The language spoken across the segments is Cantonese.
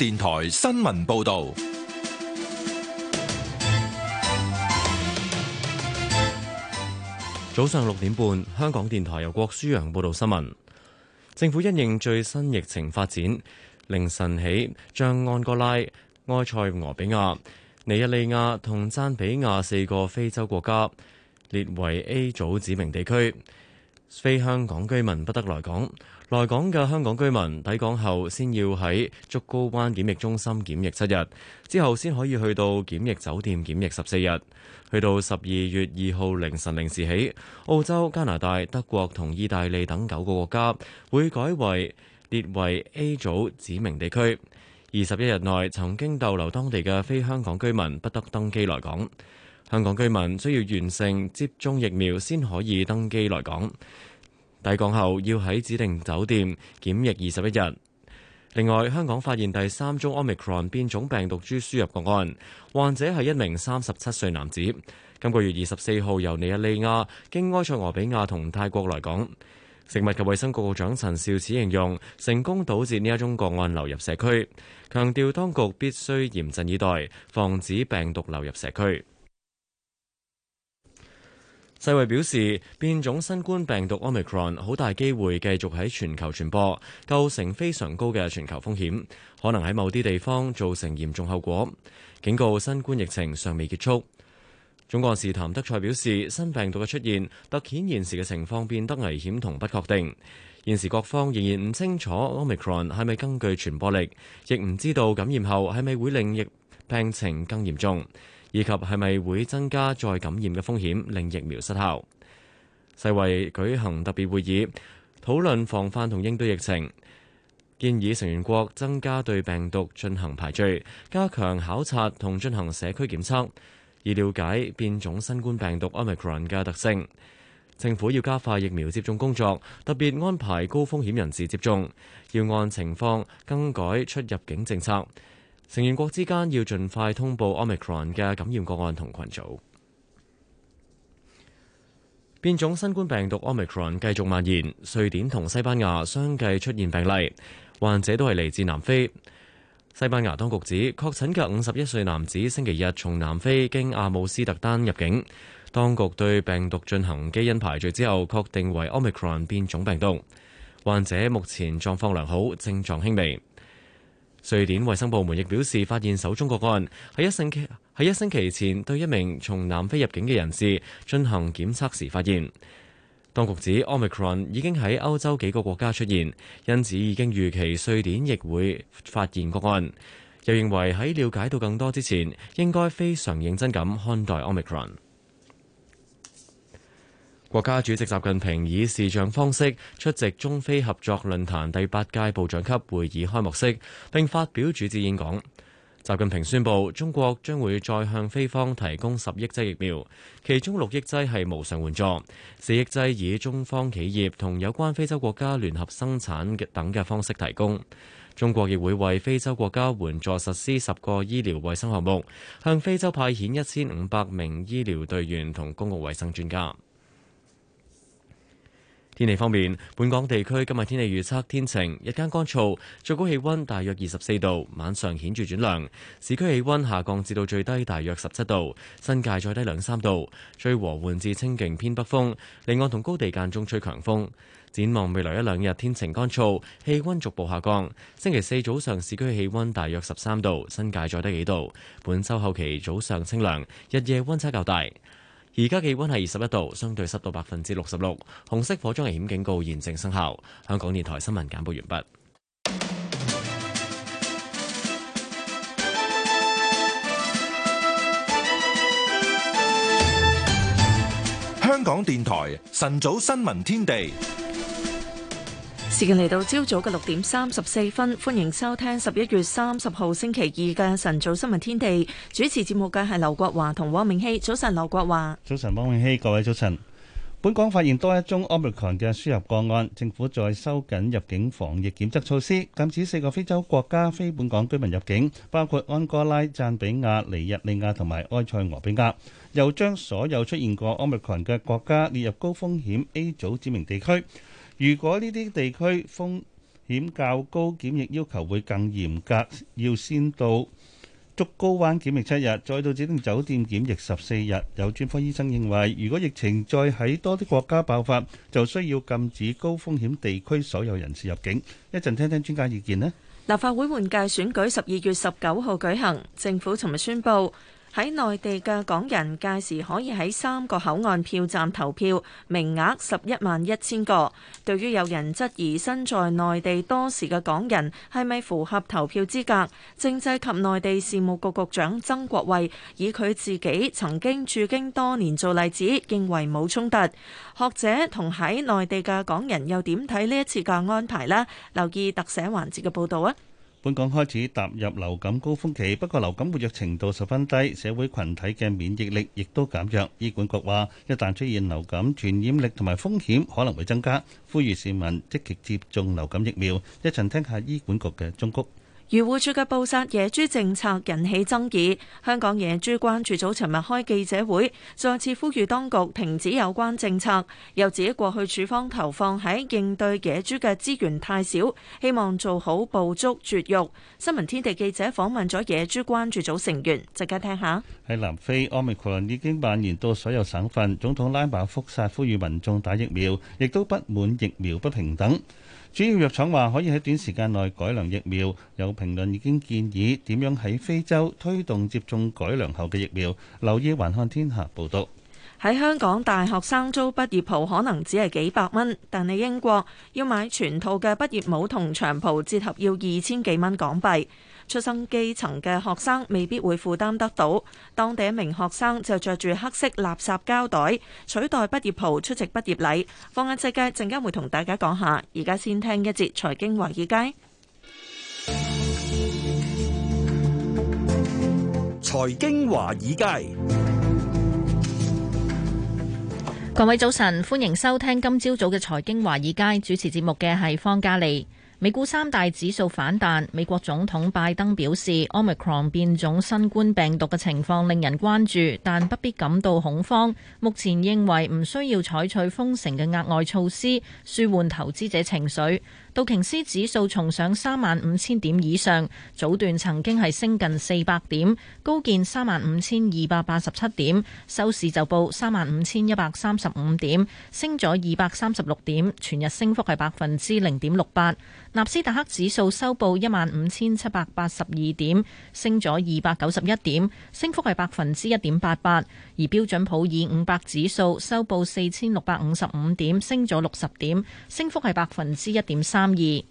電台新聞報道。早上六點半，香港電台由郭舒揚報道新聞。政府因應最新疫情發展，凌晨起將安哥拉、埃塞俄比亞、尼日利亞同贊比亞四個非洲國家列為 A 組指明地區，非香港居民不得來港。來港嘅香港居民抵港後，先要喺竹篙灣檢疫中心檢疫七日，之後先可以去到檢疫酒店檢疫十四日。去到十二月二號凌晨零時起，澳洲、加拿大、德國同意大利等九個國家會改為列為 A 組指明地區。二十一日內曾經逗留當地嘅非香港居民不得登機來港。香港居民需要完成接種疫苗先可以登機來港。抵港後要喺指定酒店檢疫二十一日。另外，香港發現第三宗 Omicron 變種病毒株輸入個案，患者係一名三十七歲男子，今個月二十四號由尼日利亞經埃塞俄比亞同泰國來港。食物及衞生局局長陳肇始形容成功堵截呢一宗個案流入社區，強調當局必須嚴陣以待，防止病毒流入社區。世衛表示，變種新冠病毒 Omicron 好大機會繼續喺全球傳播，構成非常高嘅全球風險，可能喺某啲地方造成嚴重後果。警告：新冠疫情尚未結束。總幹事譚德塞表示，新病毒嘅出現，突顯現時嘅情況變得危險同不確定。現時各方仍然唔清楚 Omicron 係咪更具傳播力，亦唔知道感染後係咪會令疫病情更嚴重。以及係咪會增加再感染嘅風險，令疫苗失效？世衛舉行特別會議，討論防範同應對疫情，建議成員國增加對病毒進行排序，加強考察同進行社區檢測，以了解變種新冠病毒 Omicron 嘅特性。政府要加快疫苗接種工作，特別安排高風險人士接種，要按情況更改出入境政策。成員國之間要盡快通報 Omicron 嘅感染個案同群組。變種新冠病毒 Omicron 繼續蔓延，瑞典同西班牙相繼出現病例，患者都係嚟自南非。西班牙當局指，確診嘅五十一歲男子星期日從南非經阿姆斯特丹入境，當局對病毒進行基因排序之後，確定為 Omicron 變種病毒。患者目前狀況良好，症狀輕微。瑞典衛生部門亦表示，發現首宗個案喺一星期喺一星期前對一名從南非入境嘅人士進行檢測時發現。當局指 Omicron 已經喺歐洲幾個國家出現，因此已經預期瑞典亦會發現個案，又認為喺了解到更多之前，應該非常認真咁看待 Omicron。國家主席習近平以視像方式出席中非合作論壇第八屆部長級會議開幕式，並發表主旨演講。習近平宣布，中國將會再向非方提供十億劑疫苗，其中六億劑係無償援助，四億劑以中方企業同有關非洲國家聯合生產等嘅方式提供。中國亦會為非洲國家援助實施十個醫療衛生項目，向非洲派遣一千五百名醫療隊員同公共衛生專家。天氣方面，本港地區今日天氣預測天晴，日間乾燥，最高氣溫大約二十四度，晚上顯著轉涼，市區氣溫下降至到最低大約十七度，新界再低兩三度，吹和緩至清勁偏北風，離岸同高地間中吹強風。展望未來一兩日，天晴乾燥，氣溫逐步下降。星期四早上市區氣溫大約十三度，新界再低幾度。本周後期早上清涼，日夜溫差較大。而家氣溫係二十一度，相對濕度百分之六十六，紅色火災危險警告現正生效。香港電台新聞簡報完畢。香港電台晨早新聞天地。時間嚟到朝早嘅六點三十四分，歡迎收聽十一月三十號星期二嘅晨早新聞天地。主持節目嘅係劉國華同汪明熙。早晨，劉國華。早晨，汪明熙。各位早晨。本港發現多一宗 omicron 嘅輸入個案，政府再收緊入境防疫檢測措施，禁止四個非洲國家非本港居民入境，包括安哥拉、贊比亞、尼日利亞同埋埃塞俄比亞。又將所有出現過 omicron 嘅國家列入高風險 A 組指明地區。如果呢啲地區風險較高，檢疫要求會更嚴格，要先到竹篙灣檢疫七日，再到指定酒店檢疫十四日。有專科醫生認為，如果疫情再喺多啲國家爆發，就需要禁止高風險地區所有人士入境。一陣聽聽專家意見咧。立法會換屆選舉十二月十九號舉行，政府尋日宣布。喺內地嘅港人屆時可以喺三個口岸票站投票，名額十一萬一千個。對於有人質疑身在內地多時嘅港人係咪符合投票資格，政制及內地事務局局長曾國衛以佢自己曾經駐京多年做例子，認為冇衝突。學者同喺內地嘅港人又點睇呢一次嘅安排呢？留意特寫環節嘅報導啊。本港開始踏入流感高峰期，不過流感活躍程度十分低，社會群體嘅免疫力亦都減弱。醫管局話，一旦出現流感傳染力同埋風險可能會增加，呼籲市民積極接種流感疫苗。一陣聽下醫管局嘅鐘谷。漁護署嘅捕殺野豬政策引起爭議，香港野豬關注組尋日開記者會，再次呼籲當局停止有關政策。又指過去處方投放喺應對野豬嘅資源太少，希望做好捕捉絕育。新聞天地記者訪問咗野豬關注組成員，即刻聽下。喺南非，Omicron 已經蔓延到所有省份，總統拉馬福薩呼籲民眾打疫苗，亦都不滿疫苗不平等。主要藥廠話可以喺短時間內改良疫苗，有評論已經建議點樣喺非洲推動接種改良後嘅疫苗。留意《環看天下》報道。喺香港，大學生租畢業袍可能只係幾百蚊，但係英國要買全套嘅畢業帽同長袍，折合要二千幾蚊港幣。出生基層嘅學生未必會負擔得到，當地一名學生就着住黑色垃圾膠袋取代畢業袍出席畢業禮。放眼世界，陣間會同大家講下，而家先聽一節財經華爾街。財經華爾街，爾街，各位早晨，歡迎收聽今朝早嘅財經華爾街，主持節目嘅係方嘉麗。美股三大指數反彈，美國總統拜登表示，Omicron 變種新冠病毒嘅情況令人關注，但不必感到恐慌。目前認為唔需要採取封城嘅額外措施，舒緩投資者情緒。道瓊斯指數重上三萬五千點以上，早段曾經係升近四百點，高見三萬五千二百八十七點，收市就報三萬五千一百三十五點，升咗二百三十六點，全日升幅係百分之零點六八。納斯達克指數收報一萬五千七百八十二點，升咗二百九十一點，升幅係百分之一點八八。而標準普爾五百指數收報四千六百五十五點，升咗六十點，升幅係百分之一點三。三二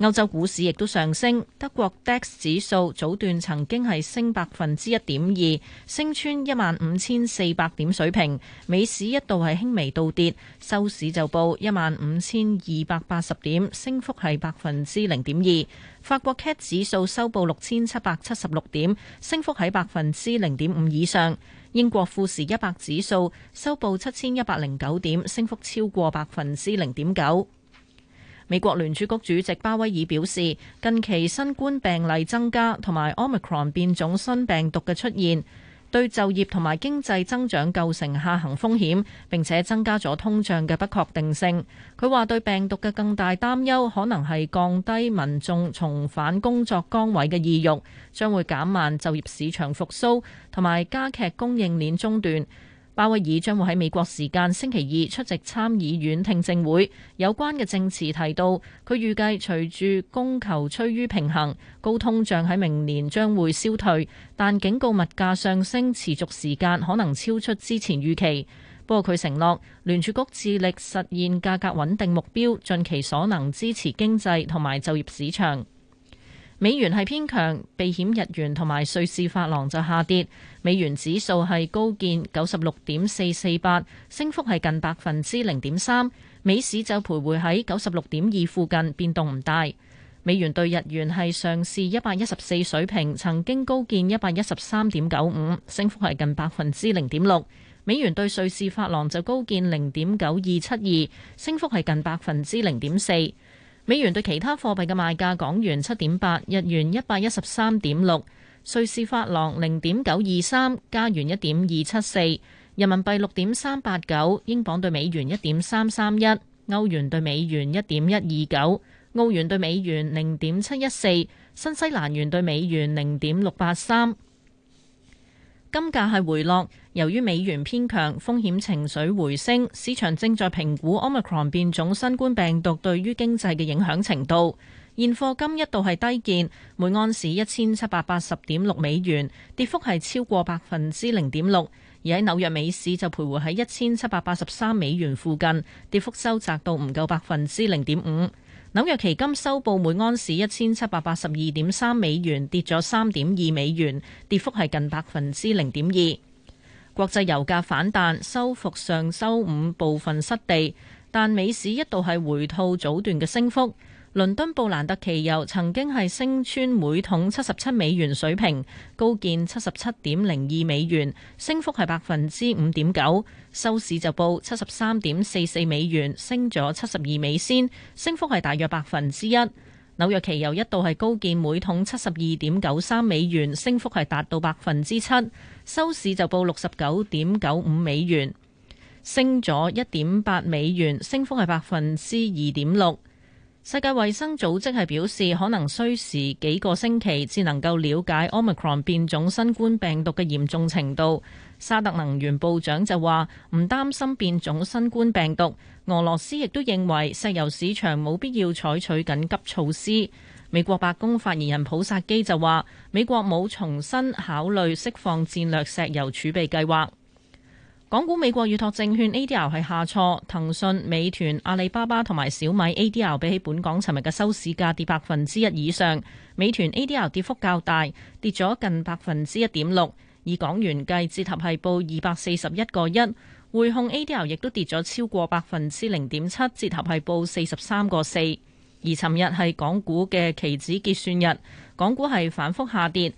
歐洲股市亦都上升，德國 DAX 指數早段曾經係升百分之一點二，升穿一萬五千四百點水平。美市一度係輕微倒跌，收市就報一萬五千二百八十點，升幅係百分之零點二。法國 CAC 指數收報六千七百七十六點，升幅喺百分之零點五以上。英國富時一百指數收報七千一百零九點，升幅超過百分之零點九。美國聯儲局主席鮑威爾表示，近期新冠病例增加同埋 Omicron 變種新病毒嘅出現，對就業同埋經濟增長構成下行風險，並且增加咗通脹嘅不確定性。佢話對病毒嘅更大擔憂，可能係降低民眾重返工作崗位嘅意欲，將會減慢就業市場復甦，同埋加劇供應鏈中斷。鮑威爾將會喺美國時間星期二出席參議院聽證會，有關嘅證詞提到，佢預計隨住供求趨於平衡，高通脹喺明年將會消退，但警告物價上升持續時間可能超出之前預期。不過佢承諾，聯儲局致力實現價格穩定目標，盡其所能支持經濟同埋就業市場。美元係偏強，避險日元同埋瑞士法郎就下跌。美元指數係高見九十六點四四八，升幅係近百分之零點三。美市就徘徊喺九十六點二附近，變動唔大。美元對日元係上試一百一十四水平，曾經高見一百一十三點九五，升幅係近百分之零點六。美元對瑞士法郎就高見零點九二七二，升幅係近百分之零點四。美元對其他貨幣嘅賣價：港元七點八，日元一百一十三點六，瑞士法郎零點九二三，加元一點二七四，人民幣六點三八九，英鎊對美元一點三三一，歐元對美元一點一二九，澳元對美元零點七一四，新西蘭元對美元零點六八三。金價係回落。由於美元偏強，風險情緒回升，市場正在評估 Omicron 變種新冠病毒對於經濟嘅影響程度。現貨金一度係低見，每盎司一千七百八十點六美元，跌幅係超過百分之零點六。而喺紐約美市就徘徊喺一千七百八十三美元附近，跌幅收窄到唔夠百分之零點五。紐約期金收報每盎司一千七百八十二點三美元，跌咗三點二美元，跌幅係近百分之零點二。國際油價反彈，收復上週五部分失地，但美市一度係回吐早段嘅升幅。倫敦布蘭特期油曾經係升穿每桶七十七美元水平，高見七十七點零二美元，升幅係百分之五點九，收市就報七十三點四四美元，升咗七十二美仙，升幅係大約百分之一。紐約期油一度係高見每桶七十二點九三美元，升幅係達到百分之七，收市就報六十九點九五美元，升咗一點八美元，升幅係百分之二點六。世界衛生組織係表示，可能需時幾個星期至能夠了解 Omicron 變種新冠病毒嘅嚴重程度。沙特能源部長就話唔擔心變種新冠病毒。俄羅斯亦都認為石油市場冇必要採取緊急措施。美國白宮發言人普薩基就話，美國冇重新考慮釋放戰略石油儲備計劃。港股美國預託證券 ADR 係下挫，騰訊、美團、阿里巴巴同埋小米 ADR 比起本港尋日嘅收市價跌百分之一以上。美團 ADR 跌幅較大，跌咗近百分之一點六，以港元計，折合係報二百四十一個一。匯控 ADR 亦都跌咗超過百分之零點七，折合係報四十三個四。而尋日係港股嘅期指結算日，港股係反復下跌。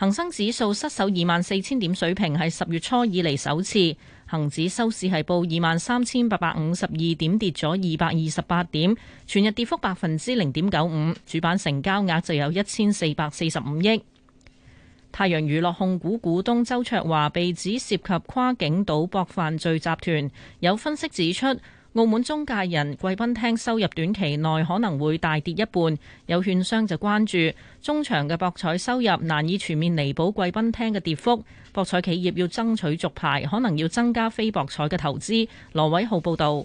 恒生指數失守二萬四千點水平，係十月初以嚟首次。恒指收市係報二萬三千八百五十二點，跌咗二百二十八點，全日跌幅百分之零點九五。主板成交額就有一千四百四十五億。太陽娛樂控股股股東周卓華被指涉及跨境賭博犯罪集團，有分析指出。澳門中介人貴賓廳收入短期內可能會大跌一半，有券商就關注中場嘅博彩收入難以全面彌補貴賓廳嘅跌幅，博彩企業要爭取續牌，可能要增加非博彩嘅投資。羅偉浩報道。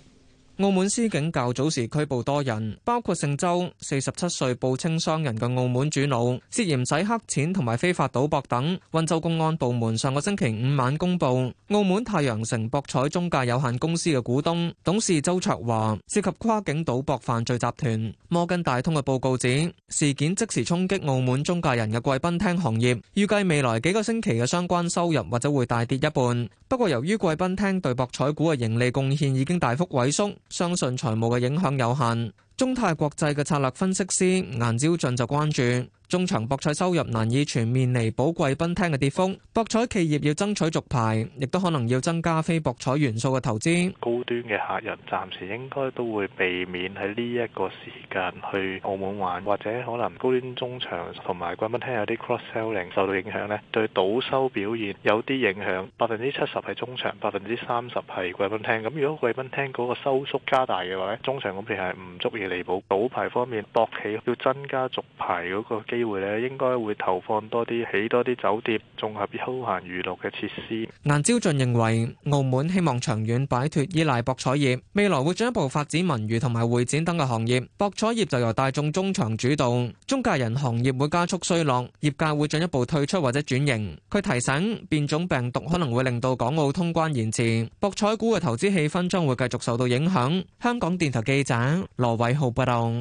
澳門司警較早時拘捕多人，包括姓周、四十七歲報稱商人嘅澳門主腦，涉嫌洗黑錢同埋非法賭博等。溫州公安部門上個星期五晚公佈，澳門太陽城博彩中介有限公司嘅股東、董事周卓華，涉及跨境賭博犯，犯罪集團。摩根大通嘅報告指，事件即時衝擊澳門中介人嘅貴賓廳行業，預計未來幾個星期嘅相關收入或者會大跌一半。不過，由於貴賓廳對博彩股嘅盈利貢獻已經大幅萎縮。相信財務嘅影響有限。中泰國際嘅策略分析師顏朝俊就關注。中場博彩收入難以全面彌補貴賓廳嘅跌幅，博彩企業要爭取續牌，亦都可能要增加非博彩元素嘅投資。高端嘅客人暫時應該都會避免喺呢一個時間去澳門玩，或者可能高端中場同埋貴賓廳有啲 cross selling 受到影響呢，對賭收表現有啲影響。百分之七十係中場，百分之三十係貴賓廳。咁如果貴賓廳嗰個收縮加大嘅話呢，中場嗰邊係唔足以彌補。賭牌方面，博企要增加續牌嗰個。機會呢應該會投放多啲，起多啲酒店、綜合休閒娛樂嘅設施。顏朝俊認為，澳門希望長遠擺脱依賴博彩業，未來會進一步發展文娛同埋會展等嘅行業。博彩業就由大眾中場主導，中介人行業會加速衰落，業界會進一步退出或者轉型。佢提醒，變種病毒可能會令到港澳通關延遲，博彩股嘅投資氣氛將會繼續受到影響，香港電台記者羅偉浩報道。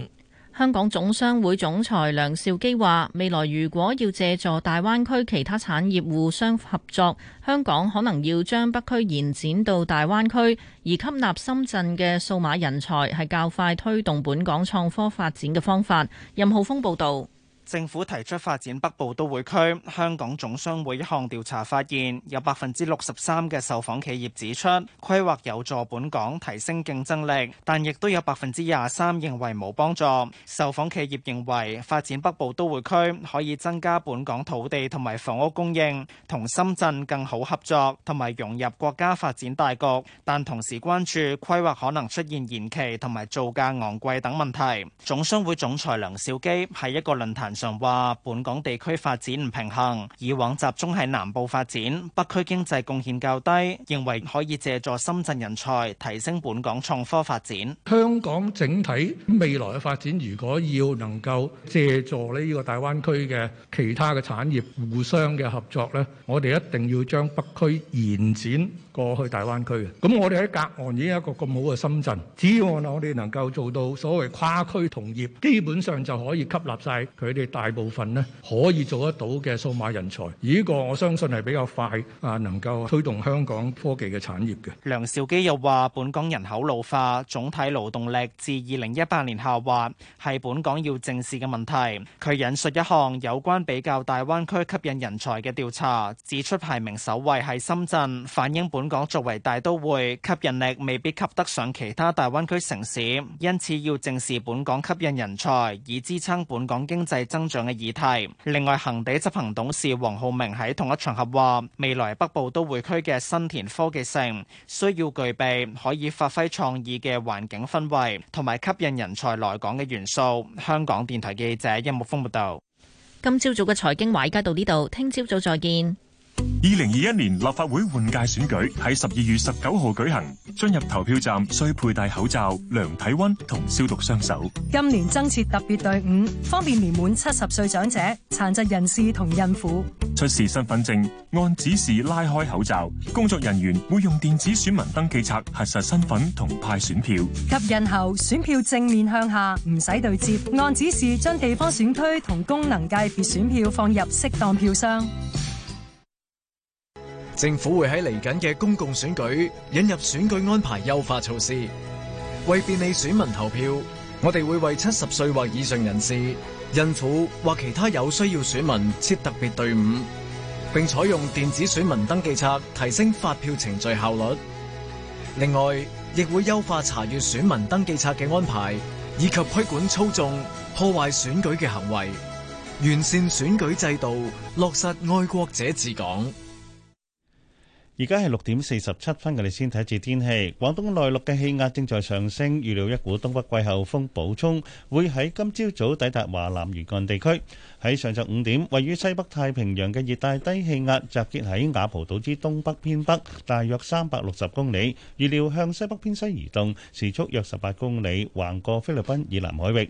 香港總商會總裁梁兆基話：未來如果要借助大灣區其他產業互相合作，香港可能要將北區延展到大灣區，而吸納深圳嘅數碼人才係較快推動本港創科發展嘅方法。任浩峰報導。政府提出發展北部都會區，香港總商會一項調查發現，有百分之六十三嘅受訪企業指出規劃有助本港提升競爭力，但亦都有百分之廿三認為冇幫助。受訪企業認為發展北部都會區可以增加本港土地同埋房屋供應，同深圳更好合作，同埋融入國家發展大局，但同時關注規劃可能出現延期同埋造價昂貴等問題，總商會總裁梁兆基喺一個論壇。常話，本港地區發展唔平衡，以往集中喺南部發展，北區經濟貢獻較低。認為可以借助深圳人才提升本港創科發展。香港整體未來嘅發展，如果要能夠借助呢，呢個大灣區嘅其他嘅產業互相嘅合作呢，我哋一定要將北區延展。過去大灣區嘅，咁我哋喺隔岸已經一個咁好嘅深圳，只要我哋能夠做到所謂跨區同業，基本上就可以吸納晒佢哋大部分咧可以做得到嘅數碼人才。呢個我相信係比較快啊，能夠推動香港科技嘅產業嘅。梁兆基又話：本港人口老化，總體勞動力自二零一八年下滑，係本港要正視嘅問題。佢引述一項有關比較大灣區吸引人才嘅調查，指出排名首位係深圳，反映本本港作為大都會，吸引力未必及得上其他大灣區城市，因此要正視本港吸引人才以支撐本港經濟增長嘅議題。另外，恒地執行董事黃浩明喺同一場合話，未來北部都會區嘅新田科技城需要具備可以發揮創意嘅環境氛圍，同埋吸引人才來港嘅元素。香港電台記者殷木峰報道。今朝早嘅財經快街到呢度，聽朝早再見。二零二一年立法會換屆選舉喺十二月十九號舉行。進入投票站需佩戴口罩、量體溫同消毒雙手。今年增設特別隊伍，方便年滿七十歲長者、殘疾人士同孕婦。出示身份證，按指示拉開口罩。工作人員會用電子選民登記冊核實身份同派選票。及印後，選票正面向下，唔使對接。按指示將地方選區同功能界別選票放入適當票箱。政府會喺嚟緊嘅公共選舉引入選舉安排優化措施，為便利選民投票，我哋會為七十歲或以上人士、孕婦或其他有需要選民設特別隊伍，並採用電子選民登記冊，提升發票程序效率。另外，亦會優化查閱選民登記冊嘅安排，以及規管操縱、破壞選舉嘅行為，完善選舉制度，落實愛國者治港。而家係六點四十七分，我哋先睇下次天氣。廣東內陸嘅氣壓正在上升，預料一股東北季候風補充會喺今朝早,早抵達華南沿岸地區。喺上晝五點，位於西北太平洋嘅熱帶低氣壓集結喺雅浦島之東北偏北，大約三百六十公里，預料向西北偏西移動，時速約十八公里，橫過菲律賓以南海域。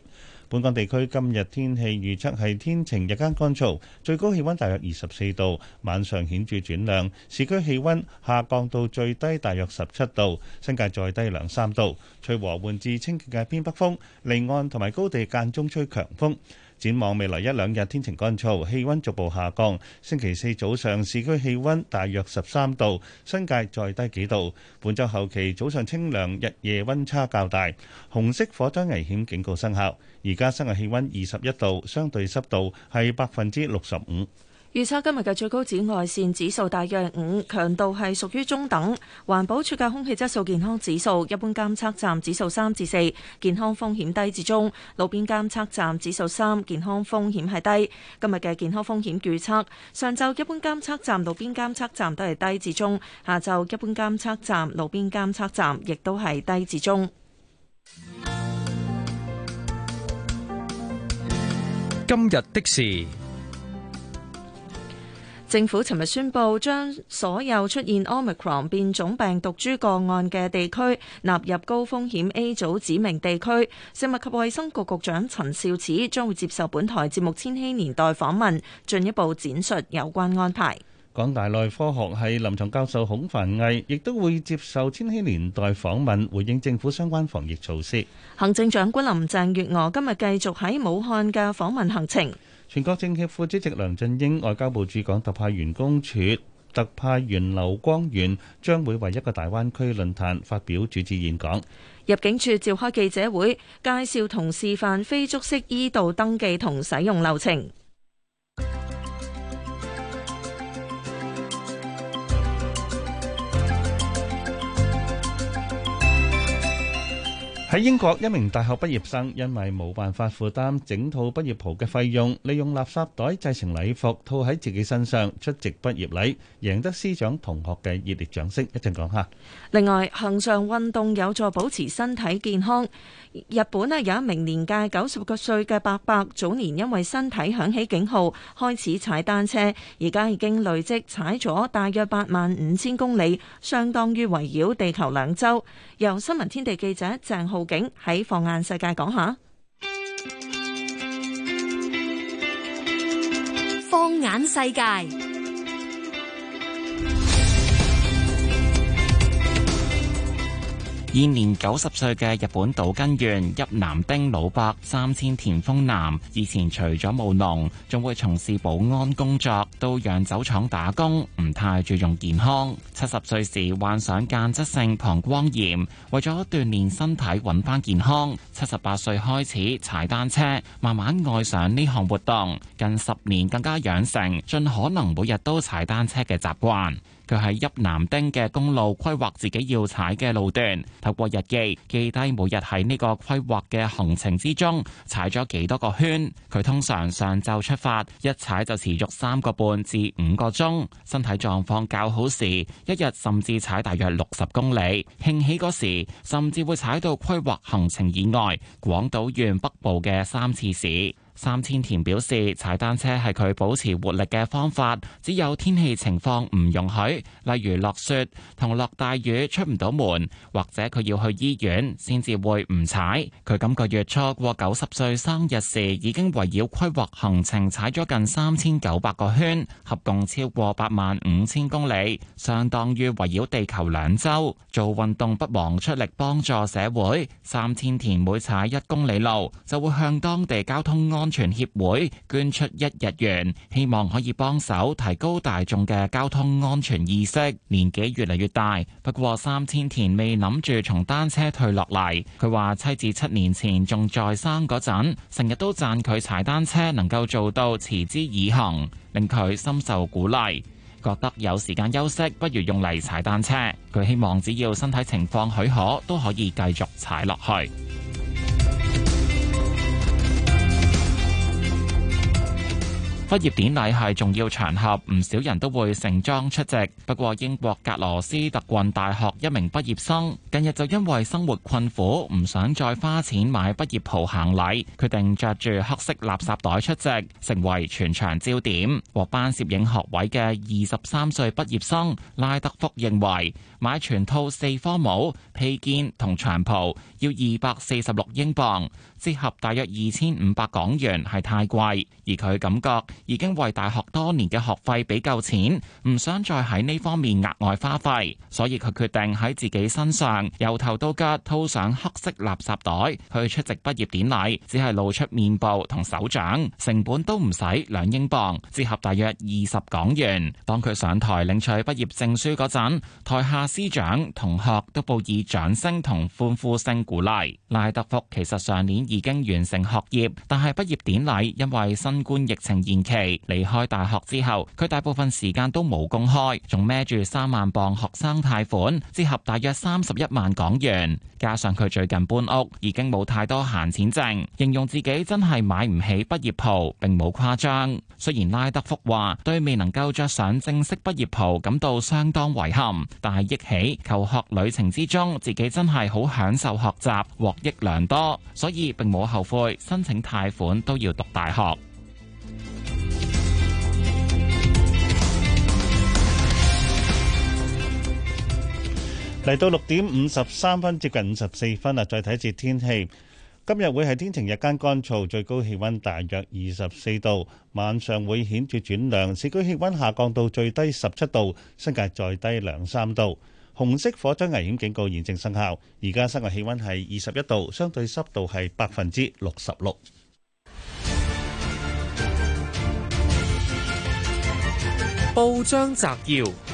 本港地區今日天氣預測係天晴，日間乾燥，最高氣温大約二十四度，晚上顯著轉涼，市區氣温下降到最低大約十七度，新界再低兩三度，吹和緩至清勁嘅偏北風，離岸同埋高地間中吹強風。展望未來一兩日天晴乾燥，氣温逐步下降。星期四早上市區氣温大約十三度，新界再低幾度。本週後期早上清涼，日夜温差較大。紅色火災危險警告生效。而家室外氣温二十一度，相對濕度係百分之六十五。預測今日嘅最高紫外線指數大約五，強度係屬於中等。環保署嘅空氣質素健康指數，一般監測站指數三至四，健康風險低至中；路邊監測站指數三，健康風險係低。今日嘅健康風險預測：上晝一般監測站、路邊監測站都係低至中；下晝一般監測站、路邊監測站亦都係低至中。今日的事。政府尋日宣布，將所有出現 Omicron 變種病毒株個案嘅地區納入高風險 A 組指明地區。食物及衛生局局長陳肇始將會接受本台節目《千禧年代》訪問，進一步展述有關安排。港大內科學系臨床教授孔凡毅亦都會接受《千禧年代》訪問，回應政府相關防疫措施。行政長官林鄭月娥今日繼續喺武漢嘅訪問行程。全國政協副主席梁振英、外交部駐港特派員公署特派員劉光源將會為一個大灣區論壇發表主旨演講。入境處召開記者會，介紹同示範非觸式 e- 道登記同使用流程。喺英國，一名大學畢業生因為冇辦法負擔整套畢業袍嘅費用，利用垃圾袋製成禮服套喺自己身上出席畢業禮，贏得師長同學嘅熱烈掌聲。一陣講下。另外，恆常運動有助保持身體健康。日本啊，有一名年屆九十個歲嘅伯伯，早年因為身體響起警號，開始踩單車，而家已經累積踩咗大約八萬五千公里，相當於圍繞地球兩周。由新聞天地記者鄭浩。景，喺放眼世界講下，放眼世界。現年九十歲嘅日本島根縣邑南町老伯三千田豐男，以前除咗務農，仲會從事保安工作，到釀酒廠打工，唔太注重健康。七十歲時患上間質性膀胱炎，為咗鍛煉身體、搵翻健康，七十八歲開始踩單車，慢慢愛上呢項活動。近十年更加養成盡可能每日都踩單車嘅習慣。佢喺邑南町嘅公路規劃自己要踩嘅路段，透過日記記低每日喺呢個規劃嘅行程之中踩咗幾多個圈。佢通常上晝出發，一踩就持續三個半至五個鐘。身體狀況較好時，一日甚至踩大約六十公里。興起嗰時，甚至會踩到規劃行程以外，廣島縣北部嘅三次市。三千田表示踩單車係佢保持活力嘅方法，只有天氣情況唔容許，例如落雪同落大雨出唔到門，或者佢要去醫院先至會唔踩。佢今個月初過九十歲生日時，已經圍繞規劃行程踩咗近三千九百個圈，合共超過八萬五千公里，相當於圍繞地球兩周。做運動不忘出力幫助社會。三千田每踩一公里路，就會向當地交通安，安全協會捐出一日元，希望可以幫手提高大眾嘅交通安全意識。年紀越嚟越大，不過三千田未諗住從單車退落嚟。佢話妻子七年前仲在生嗰陣，成日都讚佢踩單車能夠做到持之以恆，令佢深受鼓勵，覺得有時間休息不如用嚟踩單車。佢希望只要身體情況許可，都可以繼續踩落去。畢業典禮係重要場合，唔少人都會盛裝出席。不過，英國格羅斯特郡大學一名畢業生近日就因為生活困苦，唔想再花錢買畢業袍行禮，決定着住黑色垃圾袋出席，成為全場焦點。獲頒攝影學位嘅二十三歲畢業生拉德福認為。買全套四科帽、披肩同長袍要二百四十六英鎊，折合大約二千五百港元，係太貴。而佢感覺已經為大學多年嘅學費俾夠錢，唔想再喺呢方面額外花費，所以佢決定喺自己身上由頭到腳套上黑色垃圾袋，佢出席畢業典禮，只係露出面部同手掌，成本都唔使兩英鎊，折合大約二十港元。當佢上台領取畢業證書嗰陣，台下。師長同學都報以掌聲同歡呼聲鼓勵。拉德福其實上年已經完成學業，但係畢業典禮因為新冠疫情延期。離開大學之後，佢大部分時間都冇工開，仲孭住三萬鎊學生貸款，折合大約三十一萬港元。加上佢最近搬屋，已經冇太多閒錢剩，形容自己真係買唔起畢業袍並冇誇張。雖然拉德福話對未能夠著上正式畢業袍感到相當遺憾，但係一一起求學旅程之中，自己真係好享受學習，獲益良多，所以並冇後悔申請貸款都要讀大學。嚟到六點五十三分，接近五十四分啦，再睇一次天氣。今日會係天晴，日間乾燥，最高氣溫大約二十四度，晚上會顯著轉涼，市區氣溫下降到最低十七度，新界再低兩三度。紅色火災危險警告現正生效，而家室外氣溫係二十一度，相對濕度係百分之六十六。報章摘要。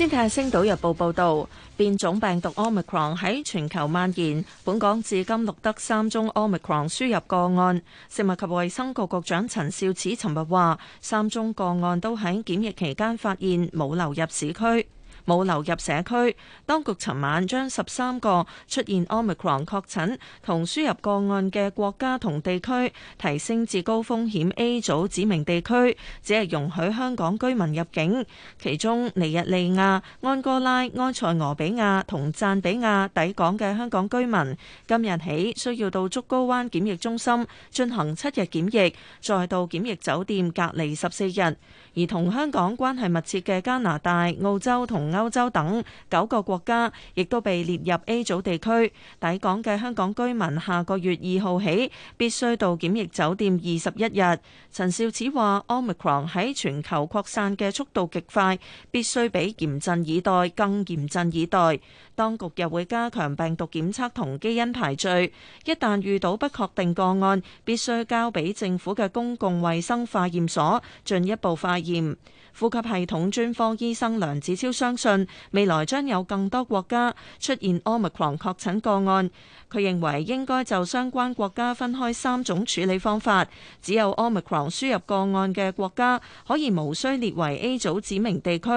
先睇下《星島日報》報導，變種病毒 Omicron 喺全球蔓延，本港至今錄得三宗 Omicron 輸入個案。食物及衛生局局長陳肇始尋日話，三宗個案都喺檢疫期間發現，冇流入市區。冇流入社區。當局尋晚將十三個出現 Omicron 確診同輸入個案嘅國家同地區提升至高風險 A 組指明地區，只係容許香港居民入境。其中尼日利亞、安哥拉、埃塞俄比亞同贊比亞抵港嘅香港居民，今日起需要到竹篙灣檢疫中心進行七日檢疫，再到檢疫酒店隔離十四日。而同香港關係密切嘅加拿大、澳洲同歐。歐洲等九個國家亦都被列入 A 組地區。抵港嘅香港居民下個月二號起必須到檢疫酒店二十一日。陳肇始話：Omicron 喺全球擴散嘅速度極快，必須比嚴陣以待更嚴陣以待。當局又會加強病毒檢測同基因排序。一旦遇到不確定個案，必須交俾政府嘅公共衛生化驗所進一步化驗。呼吸系統專科醫生梁子超相信，未來將有更多國家出現 Omicron 確診個案。佢認為應該就相關國家分開三種處理方法，只有 Omicron 輸入個案嘅國家可以無需列為 A 組指明地區，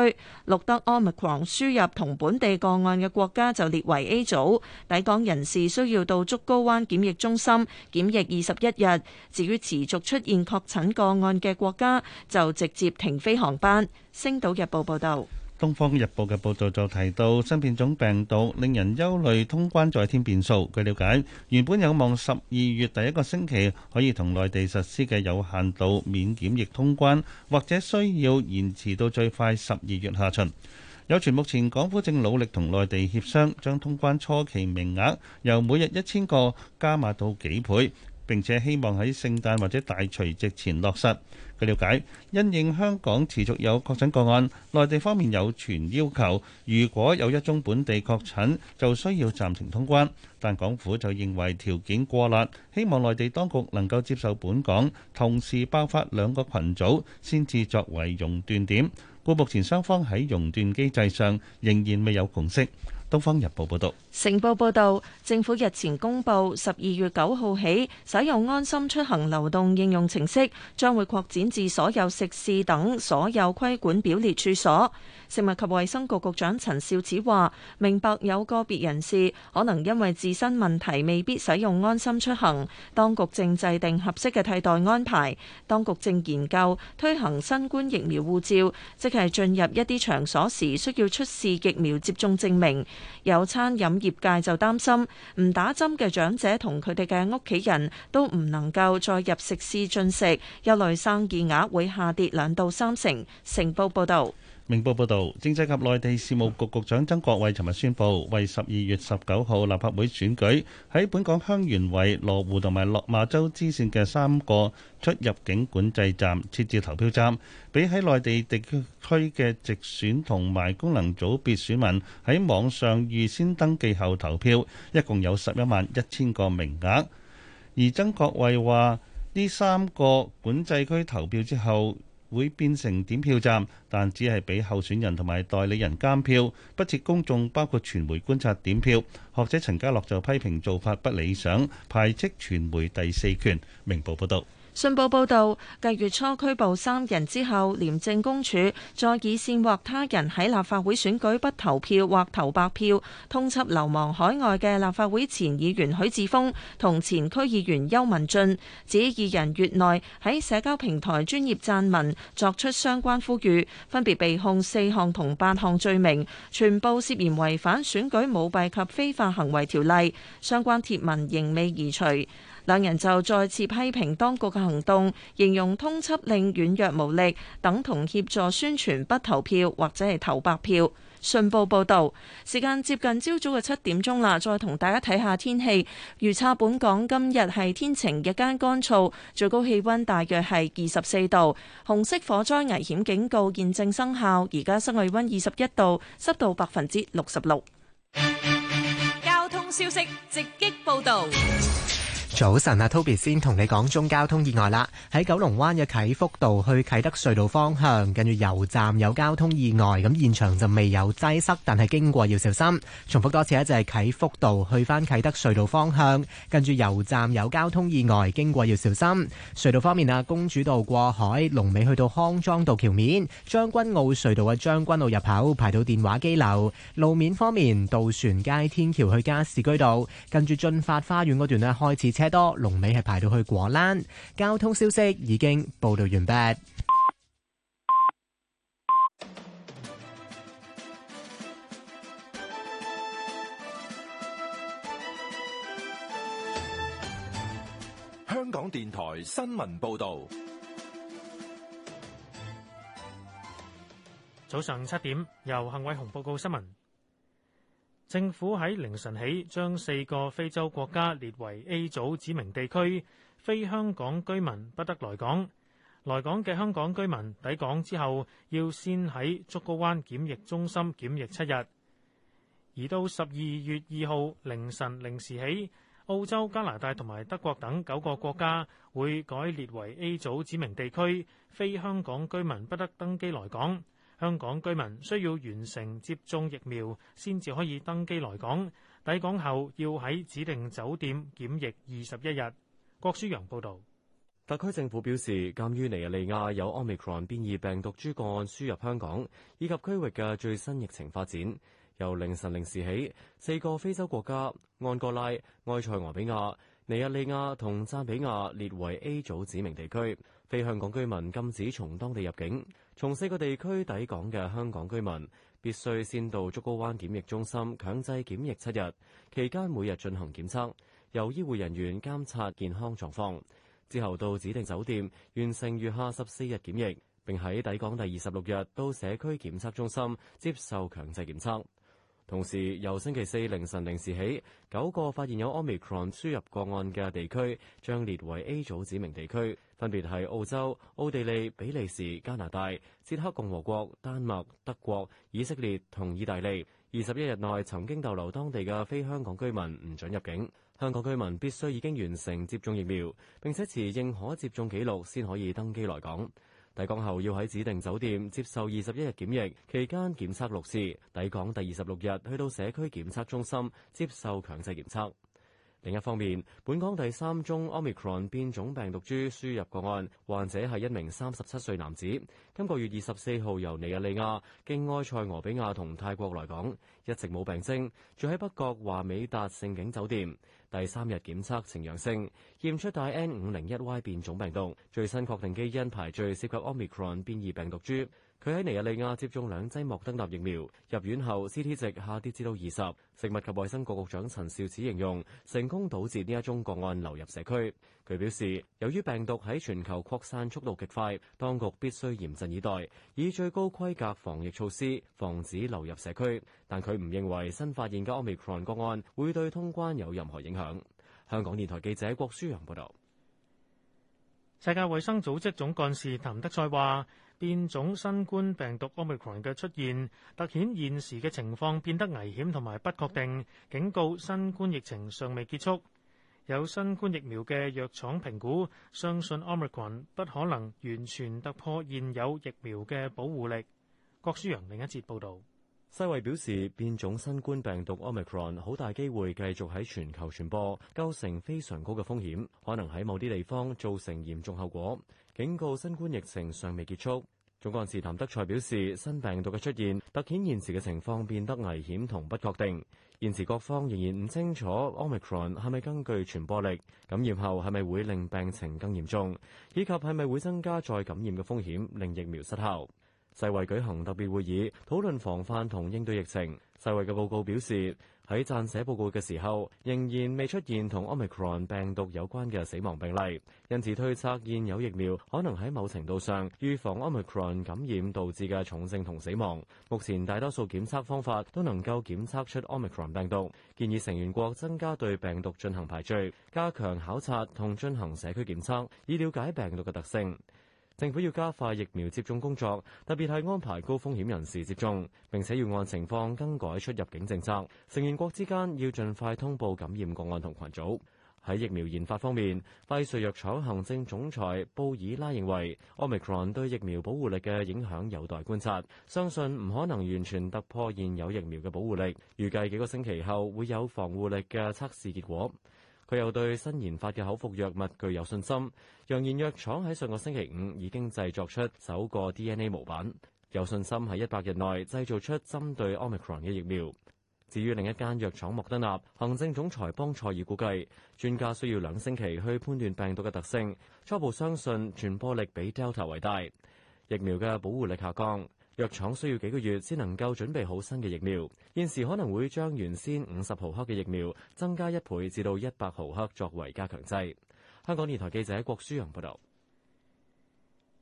錄得 Omicron 輸入同本地個案嘅國家就列為 A 組。抵港人士需要到竹篙灣檢疫中心檢疫二十一日。至於持續出現確診個案嘅國家，就直接停飛航班。星島日報報道。《東方日報》嘅報導就提到，新變種病毒令人憂慮，通關再添變數。據了解，原本有望十二月第一個星期可以同內地實施嘅有限度免檢疫通關，或者需要延遲到最快十二月下旬。有傳目前港府正努力同內地協商，將通關初期名額由每日一千個加碼到幾倍，並且希望喺聖誕或者大除夕前落實。據了解，因應香港持續有確診個案，內地方面有傳要求，如果有一宗本地確診，就需要暫停通關。但港府就認為條件過辣，希望內地當局能夠接受本港同時爆發兩個群組，先至作為熔斷點。故目前雙方喺熔斷機制上仍然未有共識。《東方日報》報道，成報報道，政府日前公布，十二月九號起，使用安心出行流動應用程式將會擴展至所有食肆等所有規管表列處所。食物及衛生局局長陳肇始話明白，有個別人士可能因為自身問題，未必使用安心出行。當局正制定合適嘅替代安排。當局正研究推行新冠疫苗護照，即係進入一啲場所時需要出示疫苗接種證明。有餐飲業界就擔心，唔打針嘅長者同佢哋嘅屋企人都唔能夠再入食肆進食，一類生意額會下跌兩到三成。成報報道。明報報導，政制及內地事務局局長曾國衛尋日宣布，為十二月十九號立法會選舉，喺本港香園圍、羅湖同埋落馬洲支線嘅三個出入境管制站設置投票站，俾喺內地地區嘅直選同埋功能組別選民喺網上預先登記後投票，一共有十一萬一千個名額。而曾國衛話：呢三個管制區投票之後，會變成點票站，但只係俾候選人同埋代理人監票，不設公眾，包括傳媒觀察點票。學者陳家洛就批評做法不理想，排斥傳媒第四權，明報報道。信報報導，繼月初拘捕三人之後，廉政公署再以煽惑他人喺立法會選舉不投票或投白票，通緝流亡海外嘅立法會前議員許智峰同前區議員邱文俊，指二人月內喺社交平台專頁撰文作出相關呼籲，分別被控四項同八項罪名，全部涉嫌違反選舉舞弊及非法行為條例，相關帖文仍未移除。兩人就再次批評當局嘅行動，形容通緝令軟弱無力，等同協助宣傳不投票或者係投白票。信報報導，時間接近朝早嘅七點鐘啦。再同大家睇下天氣預測，本港今日係天晴日間乾燥，最高氣温大約係二十四度。紅色火災危險警告現正生效，而家室外溫二十一度，濕度百分之六十六。交通消息直擊報導。早晨啊，Toby 先同你講中交通意外啦。喺九龍灣嘅啟福道去啟德隧道方向，跟住油站有交通意外，咁現場就未有擠塞，但係經過要小心。重複多次啊，就係啟福道去翻啟德隧道方向，跟住油站有交通意外，經過要小心。隧道方面啊，公主道過海，龍尾去到康莊道橋面，將軍澳隧道嘅將軍澳入口排到電話機樓。路面方面，渡船街天橋去加士居道，跟住駿發花園嗰段呢開始車車多，龍尾係排到去果欄。交通消息已經報道完畢。香港電台新聞報道，早上七點由幸偉雄報告新聞。政府喺凌晨起將四個非洲國家列為 A 組指明地區，非香港居民不得來港。來港嘅香港居民抵港之後，要先喺竹篙灣檢疫中心檢疫七日。而到十二月二號凌晨零時起，澳洲、加拿大同埋德國等九個國家會改列為 A 組指明地區，非香港居民不得登機來港。香港居民需要完成接種疫苗，先至可以登機來港。抵港後要喺指定酒店檢疫二十一日。郭書陽報道。特區政府表示，鑒於尼日利亞有 Omicron 變異病毒株個案輸入香港，以及區域嘅最新疫情發展，由凌晨零時起，四個非洲國家安哥拉、埃塞俄比亞、尼日利亞同贊比亞列為 A 組指明地區。非香港居民禁止從當地入境。從四個地區抵港嘅香港居民必須先到竹篙灣檢疫中心強制檢疫七日，期間每日進行檢測，由醫護人員監察健康狀況，之後到指定酒店完成餘下十四日檢疫，並喺抵港第二十六日到社區檢測中心接受強制檢測。同時，由星期四凌晨零時起，九個發現有 Omicron 輸入個案嘅地區將列為 A 組指明地區，分別係澳洲、奧地利、比利時、加拿大、捷克共和國、丹麥、德國、以色列同意大利。二十一日內曾經逗留當地嘅非香港居民唔准入境，香港居民必須已經完成接種疫苗，並且持認可接種記錄先可以登機來港。抵港後要喺指定酒店接受二十一日檢疫，期間檢測六次。抵港第二十六日，去到社區檢測中心接受強制檢測。另一方面，本港第三宗 Omicron 變種病毒株輸入個案，患者係一名三十七歲男子，今個月二十四號由尼日利亞經埃塞俄比亞同泰國來港，一直冇病徵，住喺北角華美達盛景酒店。第三日檢測呈陽性，驗出大 N 五零一 Y 變種病毒，最新確定基因排序涉及 Omicron 變異病毒株。佢喺尼日利亞接種兩劑莫德納疫苗，入院後 CT 值下跌至到二十。食物及衛生局局長陳肇始形容成功堵截呢一宗個案流入社區。佢表示，由於病毒喺全球擴散速度極快，當局必須嚴陣以待，以最高規格防疫措施防止流入社區。但佢唔認為新發現嘅 Omicron 個案會對通關有任何影響。香港電台記者郭舒揚報道。世界衛生組織總幹事譚德塞話。變種新冠病毒 Omicron 嘅出現，突顯現時嘅情況變得危險同埋不確定，警告新冠疫情尚未結束。有新冠疫苗嘅藥廠評估，相信 Omicron 不可能完全突破現有疫苗嘅保護力。郭舒陽另一節報導，世衛表示變種新冠病毒 Omicron 好大機會繼續喺全球傳播，構成非常高嘅風險，可能喺某啲地方造成嚴重後果，警告新冠疫情尚未結束。總幹事譚德塞表示，新病毒嘅出現，突顯現時嘅情況變得危險同不確定。現時各方仍然唔清楚 Omicron 係咪更具傳播力，感染後係咪會令病情更嚴重，以及係咪會增加再感染嘅風險，令疫苗失效。世衛舉行特別會議，討論防範同應對疫情。世衛嘅報告表示，喺撰寫報告嘅時候，仍然未出現同 Omicron 病毒有關嘅死亡病例，因此推測現有疫苗可能喺某程度上預防 Omicron 感染導致嘅重症同死亡。目前大多數檢測方法都能夠檢測出 Omicron 病毒，建議成員國增加對病毒進行排序，加強考察同進行社區檢測，以了解病毒嘅特性。政府要加快疫苗接種工作，特別係安排高風險人士接種，並且要按情況更改出入境政策。成員國之間要盡快通報感染個案同群組。喺疫苗研發方面，輝瑞藥廠行政總裁布爾拉認為，omicron 對疫苗保護力嘅影響有待觀察，相信唔可能完全突破現有疫苗嘅保護力。預計幾個星期後會有防護力嘅測試結果。佢又對新研發嘅口服藥物具有信心，揚言藥廠喺上個星期五已經製作出首個 DNA 模板，有信心喺一百日內製造出針對 Omicron 嘅疫苗。至於另一間藥廠莫德納，行政總裁邦塞爾估計專家需要兩星期去判斷病毒嘅特性，初步相信傳播力比 Delta 為大，疫苗嘅保護力下降。藥廠需要幾個月先能夠準備好新嘅疫苗，現時可能會將原先五十毫克嘅疫苗增加一倍至到一百毫克作為加強劑。香港電台記者郭舒陽報道。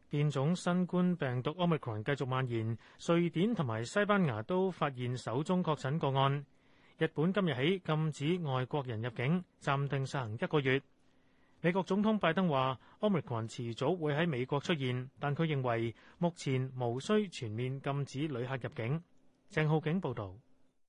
變種新冠病毒 Omicron 繼續蔓延，瑞典同埋西班牙都發現首宗確診個案。日本今日起禁止外國人入境，暫定實行一個月。美國總統拜登話，Omicron 遲早會喺美國出現，但佢認為目前無需全面禁止旅客入境。鄭浩景報道。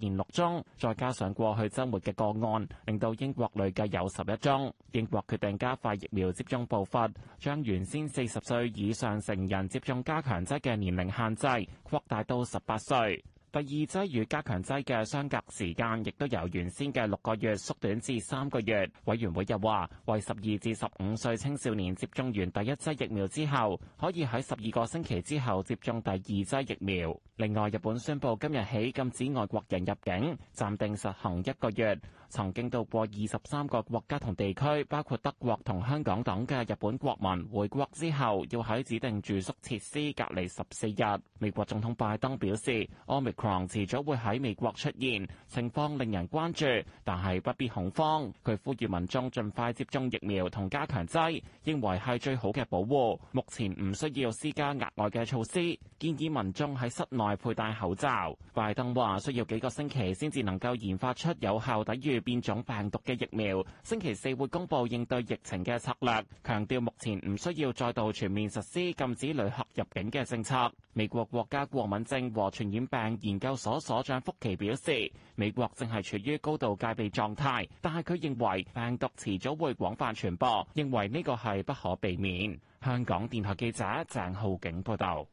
現六宗，再加上過去周末嘅個案，令到英國累計有十一宗。英國決定加快疫苗接種步伐，將原先四十歲以上成人接種加強劑嘅年齡限制擴大到十八歲。第二劑與加強劑嘅相隔時間，亦都由原先嘅六個月縮短至三個月。委員會又話，為十二至十五歲青少年接種完第一劑疫苗之後，可以喺十二個星期之後接種第二劑疫苗。另外，日本宣布今日起禁止外國人入境，暫定實行一個月。曾經到過二十三個國家同地區，包括德國同香港等嘅日本國民回國之後，要喺指定住宿設施隔離十四日。美國總統拜登表示，Omicron 遲早會喺美國出現，情況令人關注，但係不必恐慌。佢呼籲民眾盡快接種疫苗同加強劑，認為係最好嘅保護。目前唔需要施加額外嘅措施，建議民眾喺室內佩戴口罩。拜登話需要幾個星期先至能夠研發出有效抵禦變種病毒嘅疫苗，星期四會公佈應對疫情嘅策略，強調目前唔需要再度全面實施禁止旅客入境嘅政策。美國國家過敏症和傳染病研究所所長福奇表示，美國正係處於高度戒備狀態，但係佢認為病毒遲早會廣泛傳播，認為呢個係不可避免。香港電台記者鄭浩景報道。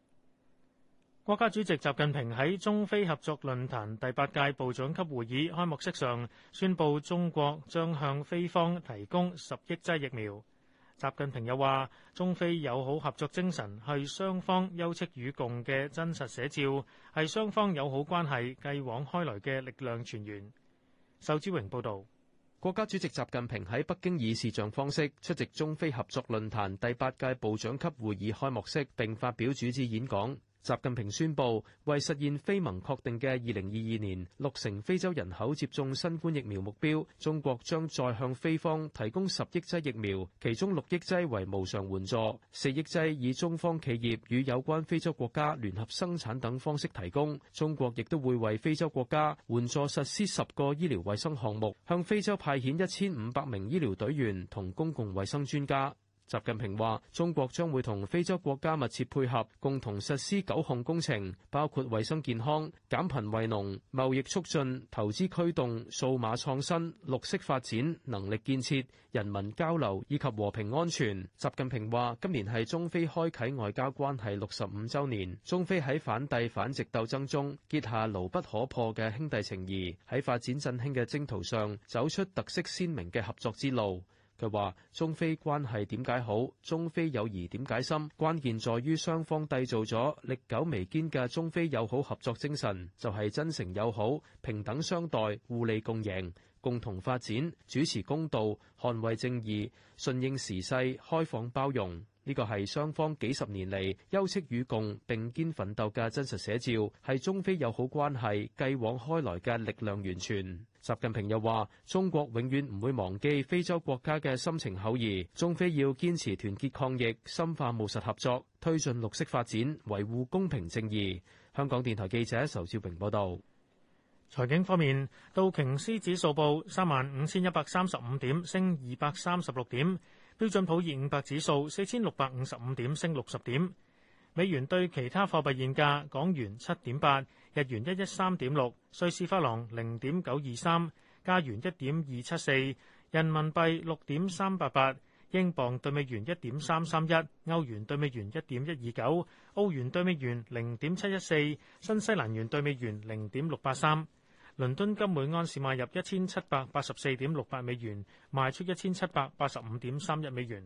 國家主席習近平喺中非合作論壇第八屆部長級會議開幕式上宣布，中國將向非方提供十億劑疫苗。習近平又話，中非友好合作精神係雙方休戚與共嘅真實寫照，係雙方友好關係繼往開來嘅力量泉源。仇志榮報道。國家主席習近平喺北京以視像方式出席中非合作論壇第八屆部長級會議開幕式，並發表主旨演講。習近平宣布，為實現非盟確定嘅二零二二年六成非洲人口接種新冠疫苗目標，中國將再向非方提供十億劑疫苗，其中六億劑為無償援助，四億劑以中方企業與有關非洲國家聯合生產等方式提供。中國亦都會為非洲國家援助實施十個醫療衛生項目，向非洲派遣一千五百名醫療隊員同公共衛生專家。習近平話：中國將會同非洲國家密切配合，共同實施九項工程，包括衛生健康、減貧惠農、貿易促進、投資驅動、數碼創新、綠色發展、能力建設、人民交流以及和平安全。習近平話：今年係中非開啟外交關係六十五周年，中非喺反帝反殖鬥爭中結下牢不可破嘅兄弟情誼，喺發展振興嘅征途上走出特色鮮明嘅合作之路。佢話中非關係點解好？中非友誼點解深？關鍵在於雙方締造咗歷久彌堅嘅中非友好合作精神，就係、是、真誠友好、平等相待、互利共贏、共同發展、主持公道、捍衛正義、順應時勢、開放包容。呢個係雙方幾十年嚟，休戚與共、並肩奮鬥嘅真實寫照，係中非友好關係繼往開來嘅力量源泉。習近平又話：中國永遠唔會忘記非洲國家嘅深情厚誼，中非要堅持團結抗疫、深化務實合作、推進綠色發展、維護公平正義。香港電台記者仇昭平報道。財經方面，道瓊斯指數報三萬五千一百三十五點，升二百三十六點。標準普爾五百指數四千六百五十五點，升六十點，美元對其他貨幣現價：港元七點八，日元一一三點六，瑞士法郎零點九二三，加元一點二七四，人民幣六點三八八，英鎊兌美元一點三三一，歐元兌美元一點一二九，澳元兌美元零點七一四，新西蘭元兌美元零點六八三。倫敦金每安士買入一千七百八十四點六八美元，賣出一千七百八十五點三一美元。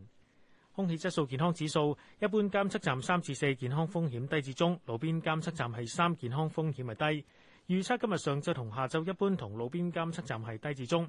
空氣質素健康指數，一般監測站三至四，健康風險低至中；路邊監測站係三，健康風險係低，測 3, 險低。預測今日上晝同下晝，一般同路邊監測站係低至中。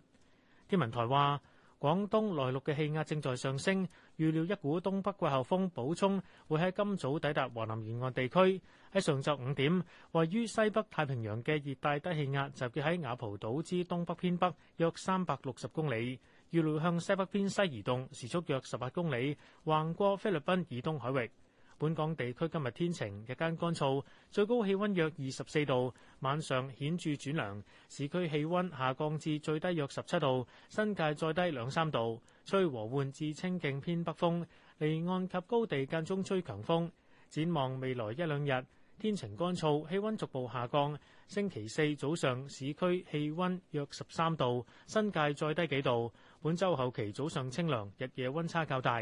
天文台話。廣東內陸嘅氣壓正在上升，預料一股東北季候風補充會喺今早抵達華南沿岸地區。喺上晝五點，位於西北太平洋嘅熱帶低氣壓集結喺雅蒲島之東北偏北約三百六十公里，預料向西北偏西移動，時速約十八公里，橫過菲律賓以東海域。本港地區今日天晴，日間乾燥，最高氣溫約二十四度，晚上顯著轉涼，市區氣溫下降至最低約十七度，新界再低兩三度，吹和緩至清勁偏北風，離岸及高地間中吹強風，展望未來一兩日，天晴乾燥，氣溫逐步下降。星期四早上市區氣溫約十三度，新界再低幾度。本周後期早上清涼，日夜溫差較大。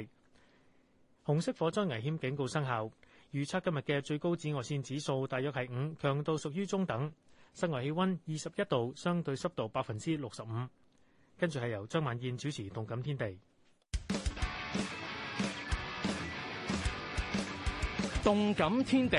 紅色火災危險警告生效，預測今日嘅最高紫外線指數大約係五，強度屬於中等。室外氣温二十一度，相對濕度百分之六十五。跟住係由張曼燕主持《動感天地》。《動感天地》，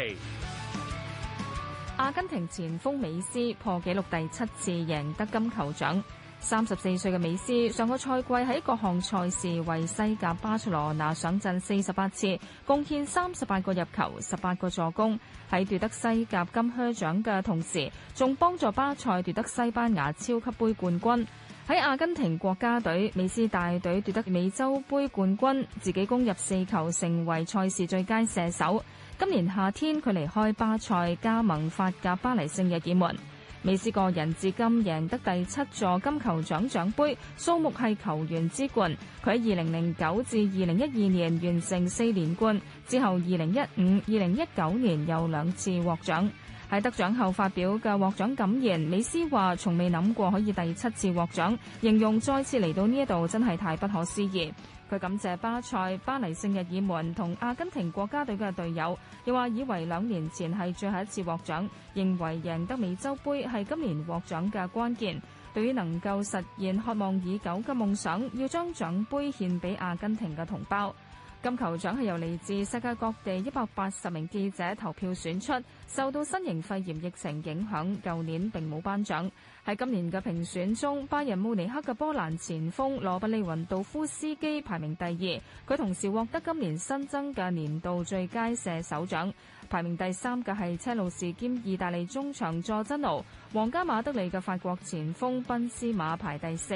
阿根廷前鋒美斯破紀錄第七次贏得金球獎。三十四歲嘅美斯，上個賽季喺各項賽事為西甲巴塞羅那上陣四十八次，貢獻三十八個入球、十八個助攻，喺奪得西甲金靴獎嘅同時，仲幫助巴塞奪得西班牙超級杯冠軍。喺阿根廷國家隊，美斯大隊奪得美洲杯冠軍，自己攻入四球，成為賽事最佳射手。今年夏天佢離開巴塞，加盟法甲巴黎聖日耳門。美斯個人至今贏得第七座金球獎獎杯，數目係球員之冠。佢喺二零零九至二零一二年完成四連冠，之後二零一五、二零一九年又兩次獲獎。喺得獎後發表嘅獲獎感言，美斯話：從未諗過可以第七次獲獎，形容再次嚟到呢一度真係太不可思議。佢感謝巴塞、巴黎聖日耳門同阿根廷國家隊嘅隊友，又話以為兩年前係最後一次獲獎，認為贏得美洲杯係今年獲獎嘅關鍵。對於能夠實現渴望已久嘅夢想，要將獎杯獻俾阿根廷嘅同胞。金球獎係由嚟自世界各地一百八十名記者投票選出，受到新型肺炎疫情影響，舊年並冇頒獎。喺今年嘅評選中，拜仁慕尼克嘅波蘭前鋒羅布利雲道夫斯基排名第二，佢同時獲得今年新增嘅年度最佳射手獎。排名第三嘅係車路士兼意大利中場佐真奴，皇家馬德里嘅法國前鋒賓斯馬排第四。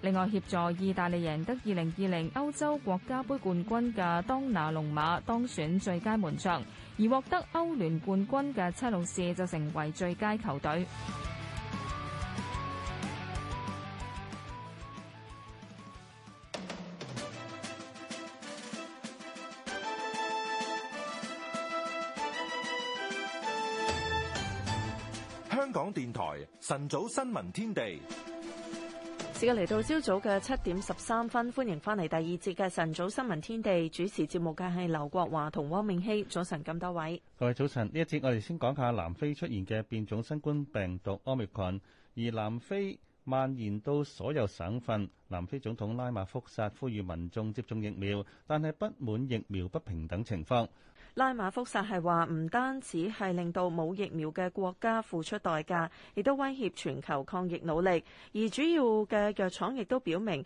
另外協助意大利贏得二零二零歐洲國家杯冠軍嘅當拿龍馬當選最佳門將，而獲得歐聯冠軍嘅車路士就成為最佳球隊。香港電台晨早新聞天地，時間嚟到朝早嘅七點十三分，歡迎翻嚟第二節嘅晨早新聞天地，主持節目嘅係劉國華同汪明熙。早晨咁多位。各位早晨，呢一節我哋先講下南非出現嘅變種新冠病毒 Omicron, 而南非蔓延到所有省份。南非總統拉馬福薩呼籲民眾接種疫苗，但係不滿疫苗不平等情況。拉馬福薩係話，唔單止係令到冇疫苗嘅國家付出代價，亦都威脅全球抗疫努力。而主要嘅藥廠亦都表明，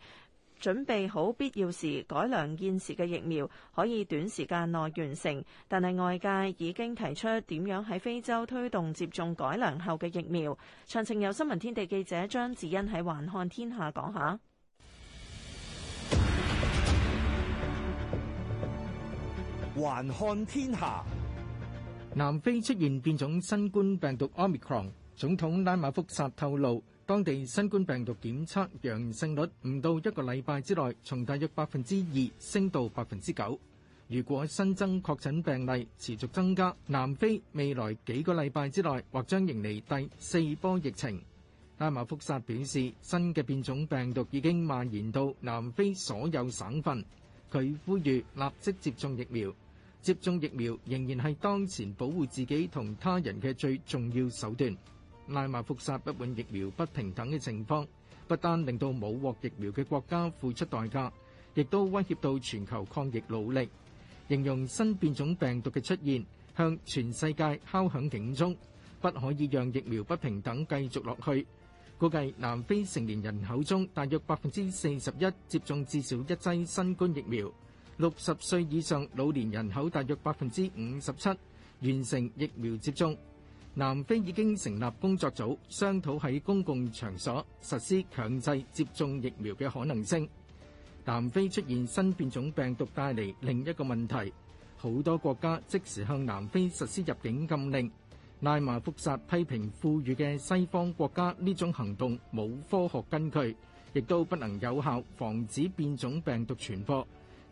準備好必要時改良現時嘅疫苗，可以短時間內完成。但係外界已經提出點樣喺非洲推動接種改良後嘅疫苗。詳情由新聞天地記者張子欣喺《橫看天下》講下。還看天下，南非出現變種新冠病毒 Omicron，總統拉馬福薩透露，當地新冠病毒檢測陽性率唔到一個禮拜之內，從大約百分之二升到百分之九。如果新增確診病例持續增加，南非未來幾個禮拜之內或將迎嚟第四波疫情。拉馬福薩表示，新嘅變種病毒已經蔓延到南非所有省份，佢呼籲立即接種疫苗。接種疫苗仍然係當前保護自己同他人嘅最重要手段。拉馬福薩不滿疫苗不平等嘅情況，不單令到冇獲疫苗嘅國家付出代價，亦都威脅到全球抗疫努力。形容新變種病毒嘅出現，向全世界敲響警鐘，不可以讓疫苗不平等繼續落去。估計南非成年人口中大約百分之四十一接種至少一劑新冠疫苗。六十歲以上老年人口大約百分之五十七完成疫苗接種。南非已經成立工作組，商討喺公共場所實施強制接種疫苗嘅可能性。南非出現新變種病毒，帶嚟另一個問題。好多國家即時向南非實施入境禁令。奈馬福薩批評富裕嘅西方國家呢種行動冇科學根據，亦都不能有效防止變種病毒傳播。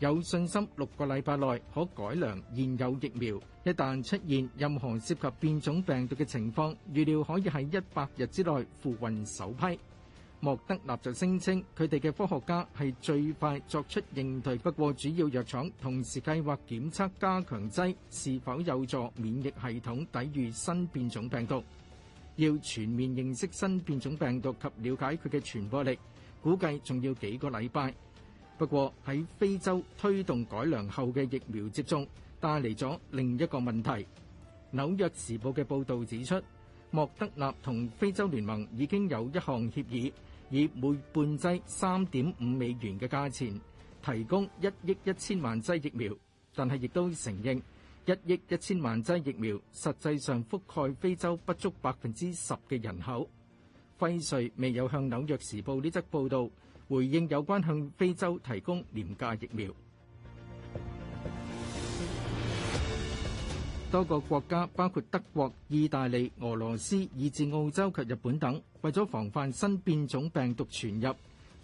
有信心六個禮拜內可改良現有疫苗，一旦出現任何涉及變種病毒嘅情況，預料可以喺一百日之內付運首批。莫德納就聲稱佢哋嘅科學家係最快作出應對，不過主要藥廠同時計劃檢測加強劑是否有助免疫系統抵禦新變種病毒。要全面認識新變種病毒及了解佢嘅傳播力，估計仲要幾個禮拜。不過喺非洲推動改良後嘅疫苗接種，帶嚟咗另一個問題。紐約時報嘅報導指出，莫德納同非洲聯盟已經有一項協議，以每半劑三點五美元嘅價錢提供一億一千萬劑疫苗，但係亦都承認一億一千萬劑疫苗實際上覆蓋非洲不足百分之十嘅人口。輝瑞未有向紐約時報呢則報導回應有關向非洲提供廉價疫苗，多個國家，包括德國、意大利、俄羅斯，以至澳洲及日本等，為咗防範新變種病毒傳入，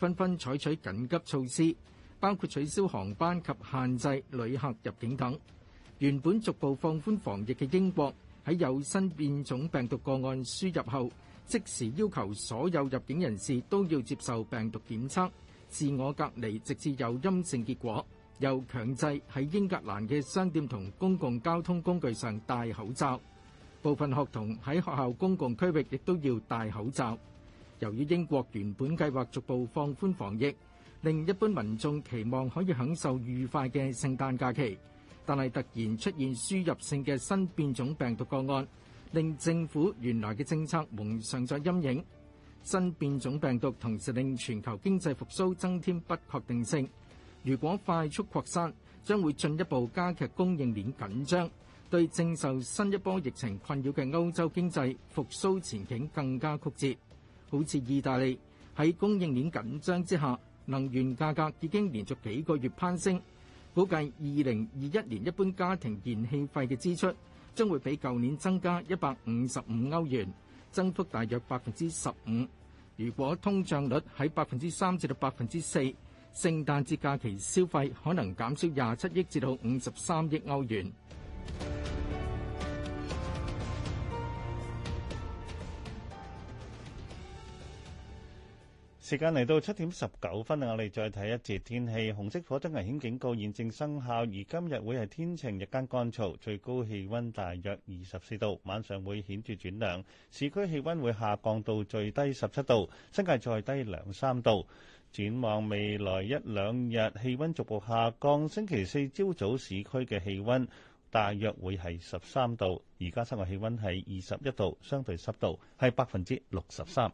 紛紛採取緊急措施，包括取消航班及限制旅客入境等。原本逐步放寬防疫嘅英國，喺有新變種病毒個案輸入後，即時要求所有入境人士都要接受病毒檢測、自我隔離，直至有陰性結果。又強制喺英格蘭嘅商店同公共交通工具上戴口罩。部分學童喺學校公共區域亦都要戴口罩。由於英國原本計劃逐步放寬防疫，令一般民眾期望可以享受愉快嘅聖誕假期，但係突然出現輸入性嘅新變種病毒個案。令政府原來嘅政策蒙上咗陰影，新變種病毒同時令全球經濟復甦增添不確定性。如果快速擴散，將會進一步加劇供應鏈緊張，對正受新一波疫情困擾嘅歐洲經濟復甦前景更加曲折。好似意大利喺供應鏈緊張之下，能源價格已經連續幾個月攀升，估計二零二一年一般家庭燃氣費嘅支出，將會比舊年增加一百五十五歐元，增幅大約百分之十五。如果通脹率喺百分之三至到百分之四，聖誕節假期消費可能減少廿七億至到五十三億歐元。時間嚟到七點十九分啊！我哋再睇一節天氣。紅色火災危險警告現正生效，而今日會係天晴，日間乾燥，最高氣温大約二十四度，晚上會顯著轉涼。市區氣温會下降到最低十七度，新界再低兩三度。展望未來一兩日氣温逐步下降，星期四朝早市區嘅氣温大約會係十三度，而家室外氣温係二十一度，相對濕度係百分之六十三。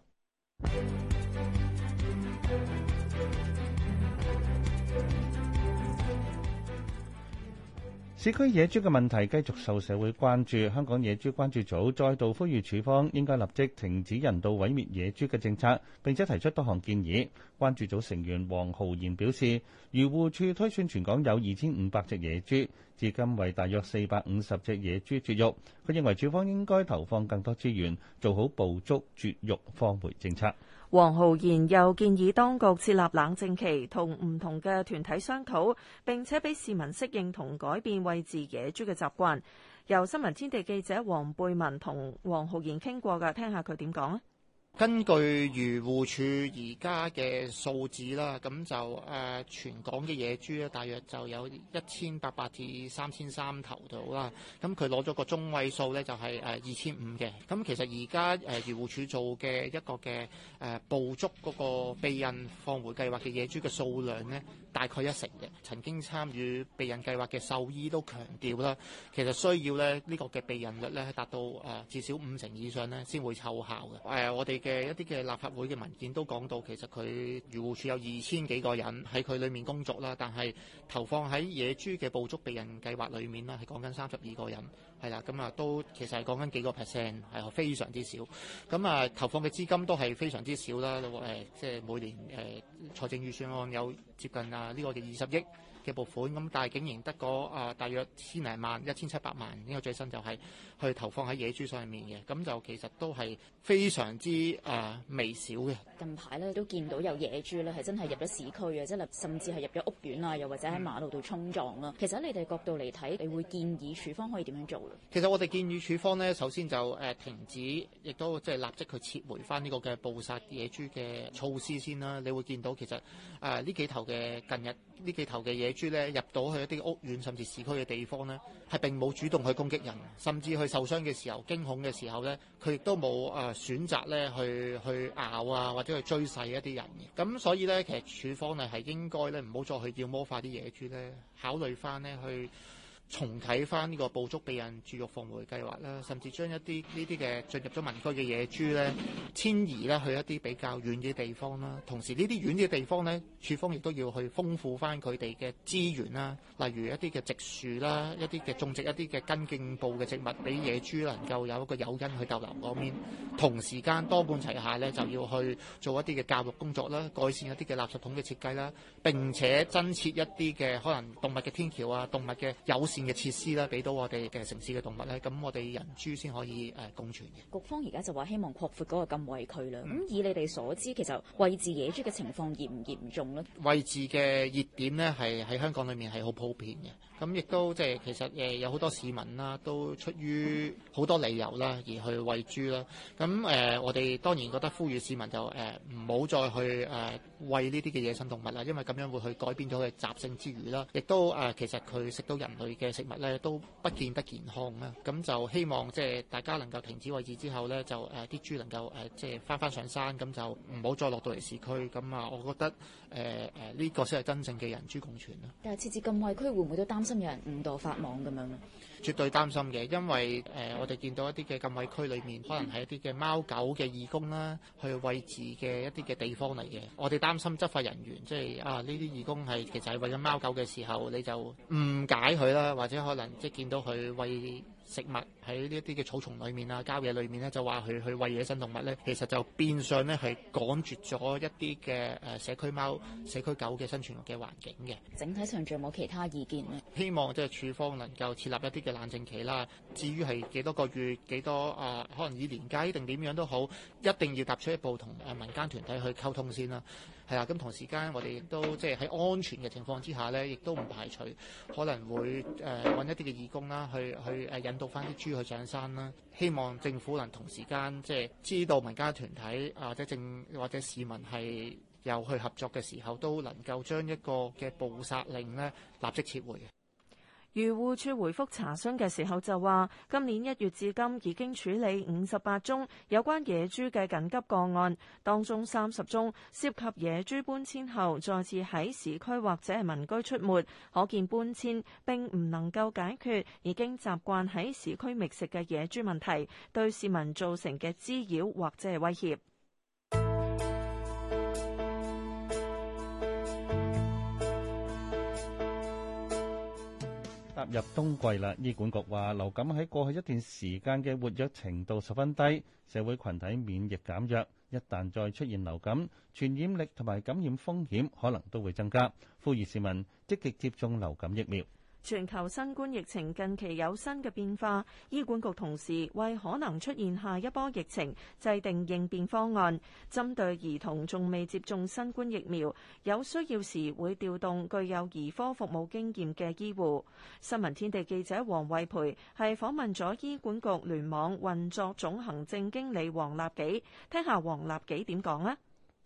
市區野豬嘅問題繼續受社會關注，香港野豬關注組再度呼籲署方應該立即停止人道毀滅野豬嘅政策，並且提出多項建議。關注組成員黃浩然表示，漁護處推算全港有二千五百隻野豬，至今為大約四百五十隻野豬絕育。佢認為署方應該投放更多資源，做好捕捉、絕育、放回政策。黃浩然又建議當局設立冷靜期，同唔同嘅團體商討，並且俾市民適應同改變餵自己野豬嘅習慣。由新聞天地記者黃貝文同黃浩然傾過噶，聽下佢點講啊！根據漁護署而家嘅數字啦，咁就誒、呃、全港嘅野豬咧，大約就有一千八百至三千三頭度啦。咁佢攞咗個中位數咧，就係誒二千五嘅。咁、呃嗯、其實而家誒漁護署做嘅一個嘅誒、呃、捕捉嗰個避孕放回計劃嘅野豬嘅數量咧。大概一成嘅曾經參與避孕計劃嘅獸醫都強調啦，其實需要咧呢個嘅避孕率咧係達到誒至少五成以上咧先會奏效嘅。誒、呃，我哋嘅一啲嘅立法會嘅文件都講到，其實佢漁護署有二千幾個人喺佢裏面工作啦，但係投放喺野豬嘅捕捉避孕計劃裏面咧係講緊三十二個人，係啦，咁啊都其實係講緊幾個 percent 係非常之少。咁啊投放嘅資金都係非常之少啦，誒即係每年誒呃財政預算案有接近啊。呢個嘅二十億嘅撥款，咁但係竟然得個啊，大約千零萬、一千七百萬。呢個最新就係。去投放喺野豬上面嘅，咁就其實都係非常之誒、呃、微小嘅。近排咧都見到有野豬咧係真係入咗市區嘅，即係甚至係入咗屋苑啊，又或者喺馬路度衝撞啦。嗯、其實你哋角度嚟睇，你會建議處方可以點樣做咧？其實我哋建議處方咧，首先就誒停止，亦都即係立即去撤回翻呢個嘅捕殺野豬嘅措施先啦。你會見到其實誒呢、呃、幾頭嘅近日呢幾頭嘅野豬咧入到去一啲屋苑甚至市區嘅地方咧，係並冇主動去攻擊人，甚至去。受傷嘅時候，驚恐嘅時候咧，佢亦都冇啊選擇咧去去咬啊，或者去追殺一啲人嘅。咁所以咧，其實處方咧係應該咧，唔好再去妖魔化啲野豬咧，考慮翻咧去。重睇翻呢個捕捉避孕絕育放回嘅計劃啦，甚至將一啲呢啲嘅進入咗民居嘅野豬咧，遷移咧去一啲比較遠嘅地方啦。同時呢啲遠嘅地方咧，處方亦都要去豐富翻佢哋嘅資源啦，例如一啲嘅植樹啦，一啲嘅種植一啲嘅根莖部嘅植物，俾野豬能夠有一個誘因去逗留嗰邊。同時間多管齊下咧，就要去做一啲嘅教育工作啦，改善一啲嘅垃圾桶嘅設計啦，並且增設一啲嘅可能動物嘅天橋啊、動物嘅友嘅設施啦，俾到我哋嘅城市嘅動物咧，咁我哋人豬先可以誒、呃、共存嘅。局方而家就話希望擴闊嗰個禁餵區啦。咁、嗯、以你哋所知，其實餵飼野豬嘅情況嚴唔嚴重咧？餵飼嘅熱點咧，係喺香港裏面係好普遍嘅。咁亦都即係其實誒有好多市民啦、啊，都出於好多理由啦，而去餵豬啦。咁誒、呃，我哋當然覺得呼籲市民就誒唔好再去誒、呃、餵呢啲嘅野生動物啦，因為咁樣會去改變咗佢嘅習性之餘啦，亦都誒、呃、其實佢食到人類嘅食物咧都不見得健康啦。咁就希望即係大家能夠停止餵飼之後咧，就誒啲、呃、豬能夠誒即係返返上山，咁就唔好再落到嚟市區。咁啊，我覺得。誒誒，呢、呃這個先係真正嘅人豬共存啦、啊。但係設置禁餵區會唔會都擔心有人誤墮法網咁樣啊？絕對擔心嘅，因為誒、呃，我哋見到一啲嘅禁餵區裡面，可能係一啲嘅貓狗嘅義工啦，去餵飼嘅一啲嘅地方嚟嘅。我哋擔心執法人員即係啊，呢啲義工係其實係為咗貓狗嘅時候，你就誤解佢啦，或者可能即係見到佢餵。食物喺呢一啲嘅草叢裏面啊、郊野裏面咧，就話佢去餵野生動物咧，其實就變相咧係趕絕咗一啲嘅誒社區貓、社區狗嘅生存嘅環境嘅。整體上仲有冇其他意見呢？希望即係處方能夠設立一啲嘅冷靜期啦。至於係幾多個月、幾多啊？可能以年計定點樣都好，一定要踏出一步同誒民間團體去溝通先啦。係啊，咁同時間我哋亦都即係喺安全嘅情況之下咧，亦都唔排除可能會誒揾、呃、一啲嘅義工啦，去去誒引。到翻啲豬去上山啦，希望政府能同時間，即係知道民間團體或者政或者市民係有去合作嘅時候，都能夠將一個嘅捕殺令咧立即撤回。漁護處回覆查詢嘅時候就話，今年一月至今已經處理五十八宗有關野豬嘅緊急個案，當中三十宗涉及野豬搬遷後再次喺市區或者係民居出沒，可見搬遷並唔能夠解決已經習慣喺市區覓食嘅野豬問題，對市民造成嘅滋擾或者係威脅。踏入冬季啦，醫管局話流感喺過去一段時間嘅活躍程度十分低，社會羣體免疫力減弱，一旦再出現流感，傳染力同埋感染風險可能都會增加，呼籲市民積極接種流感疫苗。全球新冠疫情近期有新嘅變化，醫管局同時為可能出現下一波疫情制定應變方案，針對兒童仲未接種新冠疫苗，有需要時會調動具有兒科服務經驗嘅醫護。新聞天地記者黃慧培係訪問咗醫管局聯網運作總行政經理黃立己，聽下黃立己點講啊！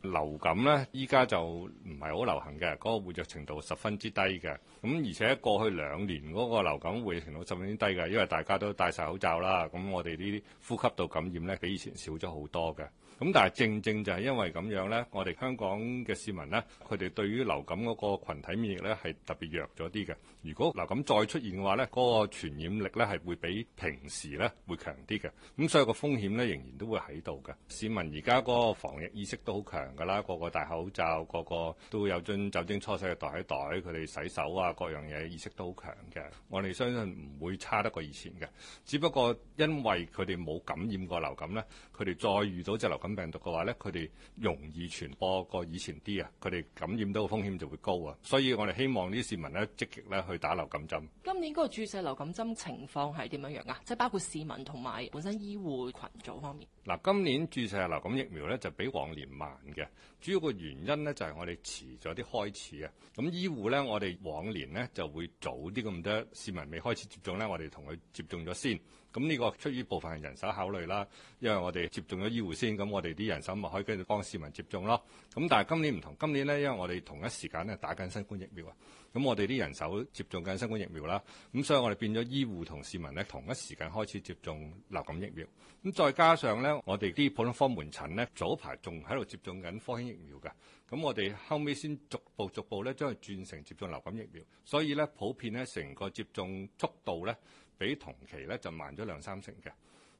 流感咧，依家就唔係好流行嘅，嗰個活躍程度十分之低嘅。咁而且過去兩年嗰個流感活躍程度十分之低嘅，因為大家都戴晒口罩啦。咁我哋呢啲呼吸道感染咧，比以前少咗好多嘅。咁但係正正就係因為咁樣咧，我哋香港嘅市民咧，佢哋對於流感嗰個羣體免疫咧，係特別弱咗啲嘅。如果流感再出現嘅話咧，嗰個傳染力咧係會比平時咧會強啲嘅，咁所以個風險咧仍然都會喺度嘅。市民而家嗰個防疫意識都好強噶啦，個個戴口罩，個個都有樽酒精搓洗嘅袋喺袋，佢哋洗手啊，各樣嘢意識都好強嘅。我哋相信唔會差得過以前嘅，只不過因為佢哋冇感染過流感咧，佢哋再遇到隻流感病毒嘅話咧，佢哋容易傳播過以前啲啊，佢哋感染到嘅風險就會高啊。所以我哋希望啲市民咧積極咧。去打流感針。今年嗰個注射流感針情況係點樣樣㗎？即係包括市民同埋本身醫護群組方面。嗱，今年注射流感疫苗咧就比往年慢嘅，主要個原因咧就係我哋遲咗啲開始啊。咁醫護咧，我哋往年咧就會早啲咁多，市民未開始接種咧，我哋同佢接種咗先。咁呢個出於部分人手考慮啦，因為我哋接種咗醫護先，咁我哋啲人手咪可以跟住幫市民接種咯。咁但係今年唔同，今年咧因為我哋同一時間咧打緊新冠疫苗啊，咁我哋啲人手接種緊新冠疫苗啦，咁所以我哋變咗醫護同市民咧同一時間開始接種流感疫苗。咁再加上咧，我哋啲普通科門診咧早排仲喺度接種緊科興疫苗㗎，咁我哋後尾先逐步逐步咧將佢轉成接種流感疫苗，所以咧普遍咧成個接種速度咧，比同期咧就慢咗兩三成嘅，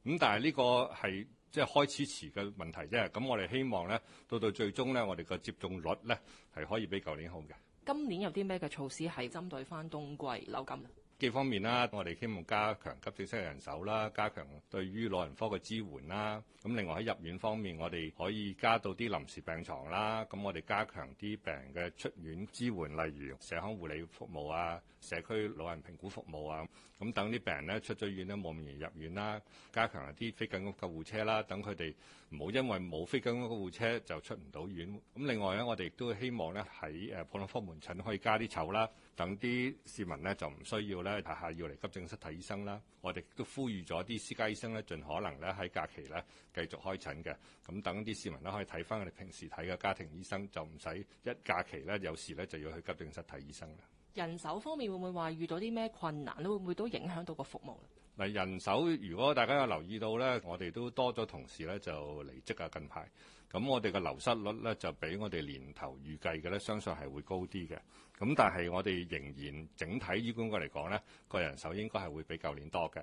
咁但係呢個係即係開始遲嘅問題啫。咁、嗯、我哋希望咧到到最終咧，我哋個接種率咧係可以比舊年好嘅。今年有啲咩嘅措施係針對翻冬季流感？幾方面啦，我哋希望加強急症室嘅人手啦，加強對於老人科嘅支援啦。咁另外喺入院方面，我哋可以加到啲臨時病床啦。咁我哋加強啲病人嘅出院支援，例如社康護理服務啊、社區老人評估服務啊。咁等啲病人咧出咗院咧冇容易入院啦，加強一啲非緊急救護車啦，等佢哋唔好因為冇非緊急救護車就出唔到院。咁另外咧，我哋亦都希望咧喺誒普通科門診可以加啲籌啦。等啲市民咧就唔需要咧，下下要嚟急症室睇醫生啦。我哋都呼籲咗啲私家醫生咧，盡可能咧喺假期咧繼續開診嘅。咁等啲市民咧可以睇翻佢哋平時睇嘅家庭醫生，就唔使一假期咧有時咧就要去急症室睇醫生啦。人手方面會唔會話遇到啲咩困難咧？會唔會都影響到個服務？嗱，人手如果大家有留意到咧，我哋都多咗同事咧就離職啊，近排。咁我哋嘅流失率咧就比我哋年頭預計嘅咧，相信係會高啲嘅。咁但係我哋仍然整體醫管局嚟講咧，個人手應該係會比舊年多嘅。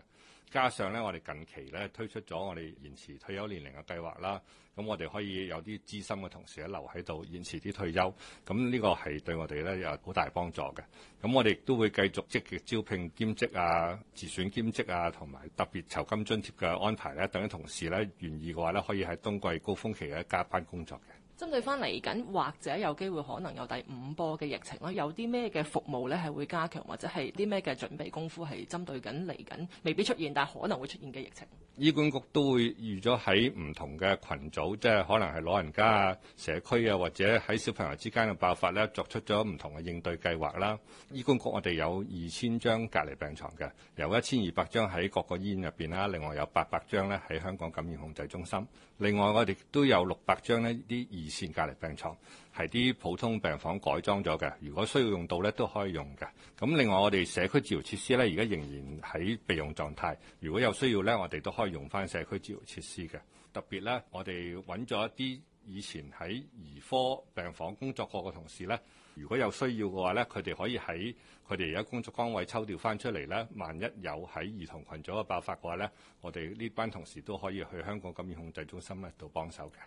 加上咧，我哋近期咧推出咗我哋延遲退休年齡嘅計劃啦，咁我哋可以有啲資深嘅同事咧留喺度，延遲啲退休，咁呢個係對我哋咧有好大幫助嘅。咁我哋亦都會繼續積極招聘兼職啊、自選兼職啊，同埋特別酬金津貼嘅安排咧，等啲同事咧願意嘅話咧，可以喺冬季高峰期嘅加班工作嘅。針對翻嚟緊或者有機會可能有第五波嘅疫情，有啲咩嘅服務咧係會加強，或者係啲咩嘅準備功夫係針對緊嚟緊未必出現但可能會出現嘅疫情？醫管局都會預咗喺唔同嘅群組，即係可能係老人家、社區啊，或者喺小朋友之間嘅爆發咧，作出咗唔同嘅應對計劃啦。醫管局我哋有二千張隔離病床嘅，有一千二百張喺各個醫院入邊啦，另外有八百張咧喺香港感染控制中心，另外我哋都有六百張呢啲二線隔離病床。係啲普通病房改裝咗嘅，如果需要用到咧，都可以用嘅。咁另外，我哋社區治療設施咧，而家仍然喺備用狀態。如果有需要咧，我哋都可以用翻社區治療設施嘅。特別咧，我哋揾咗一啲以前喺兒科病房工作過嘅同事咧，如果有需要嘅話咧，佢哋可以喺佢哋而家工作崗位抽調翻出嚟咧。萬一有喺兒童群組嘅爆發嘅話咧，我哋呢班同事都可以去香港感染控制中心咧度幫手嘅。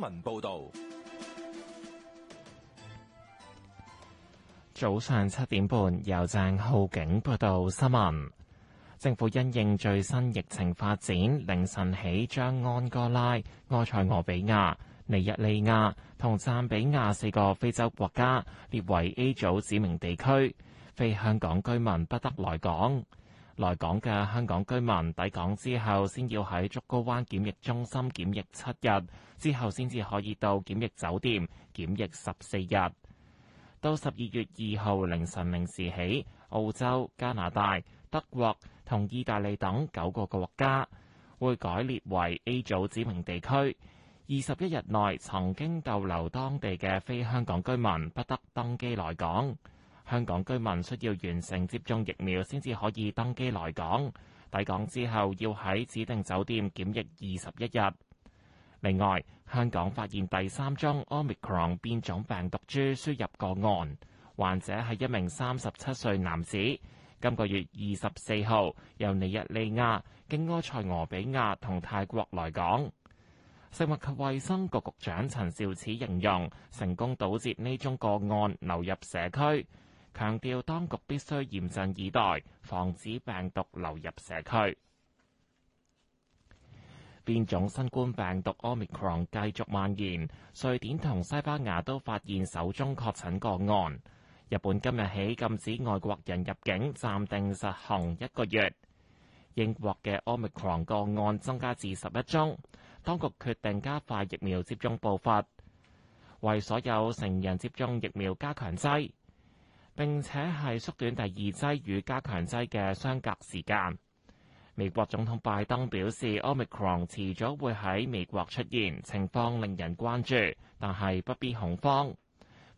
新聞報道，早上七點半由鄭浩景報道新聞。政府因應最新疫情發展，凌晨起將安哥拉、埃塞俄比亞、尼日利亞同贊比亞四個非洲國家列為 A 組指明地區，非香港居民不得來港。來港嘅香港居民抵港之後，先要喺竹篙灣檢疫中心檢疫七日，之後先至可以到檢疫酒店檢疫十四日。到十二月二號凌晨零時起，澳洲、加拿大、德國同意大利等九個國家會改列為 A 組指明地區。二十一日內曾經逗留當地嘅非香港居民不得登機來港。香港居民需要完成接種疫苗，先至可以登機來港。抵港之後要喺指定酒店檢疫二十一日。另外，香港發現第三宗 Omicron 變種病毒株輸入個案，患者係一名三十七歲男子，今個月二十四號由尼日利亞經埃塞俄比亞同泰國來港。食物及衛生局局長陳肇始形容成功堵截呢宗個案流入社區。強調，當局必須嚴陣以待，防止病毒流入社區。變種新冠病毒 Omicron 繼續蔓延，瑞典同西班牙都發現首宗確診個案。日本今日起禁止外國人入境，暫定實行一個月。英國嘅 Omicron 個案增加至十一宗，當局決定加快疫苗接種步伐，為所有成人接種疫苗加強劑。並且係縮短第二劑與加強劑嘅相隔時間。美國總統拜登表示，Omicron 遲早會喺美國出現，情況令人關注，但係不必恐慌。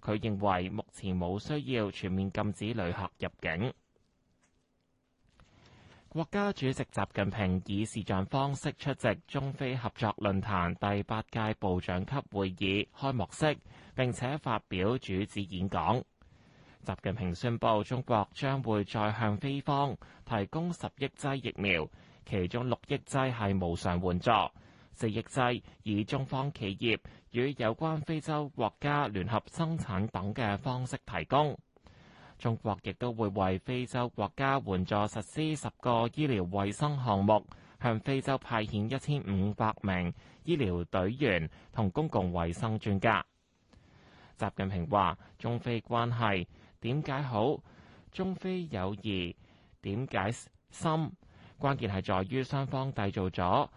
佢認為目前冇需要全面禁止旅客入境。國家主席習近平以視像方式出席中非合作論壇第八屆部長級會議開幕式，並且發表主旨演講。習近平宣布，中國將會再向非方提供十億劑疫苗，其中六億劑係無償援助，四億劑以中方企業與有關非洲國家聯合生產等嘅方式提供。中國亦都會為非洲國家援助實施十個醫療衛生項目，向非洲派遣一千五百名醫療隊員同公共衛生專家。習近平話：中非關係。點解好中非友誼？點解深？關鍵係在於雙方締造咗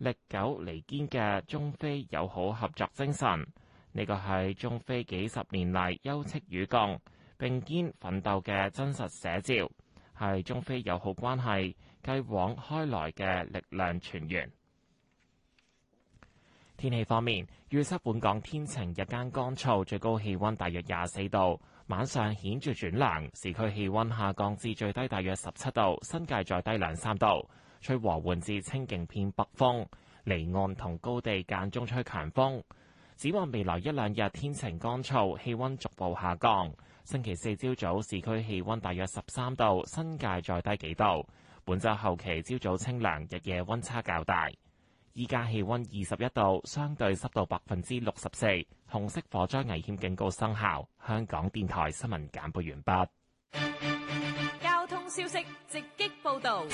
歷久彌堅嘅中非友好合作精神。呢個係中非幾十年嚟休戚與共、並肩奮鬥嘅真實寫照，係中非友好關係繼往開來嘅力量泉源。天氣方面，預測本港天晴，日間乾燥，最高氣温大約廿四度。晚上顯著轉涼，市區氣溫下降至最低大約十七度，新界再低兩三度。吹和緩至清勁偏北風，離岸同高地間中吹強風，展望未來一兩日天晴乾燥，氣温逐步下降。星期四朝早市區氣温大約十三度，新界再低幾度。本周後期朝早清涼，日夜温差較大。依家氣溫二十一度，相對濕度百分之六十四，紅色火災危險警告生效。香港電台新聞簡報完畢。交通消息直擊報導。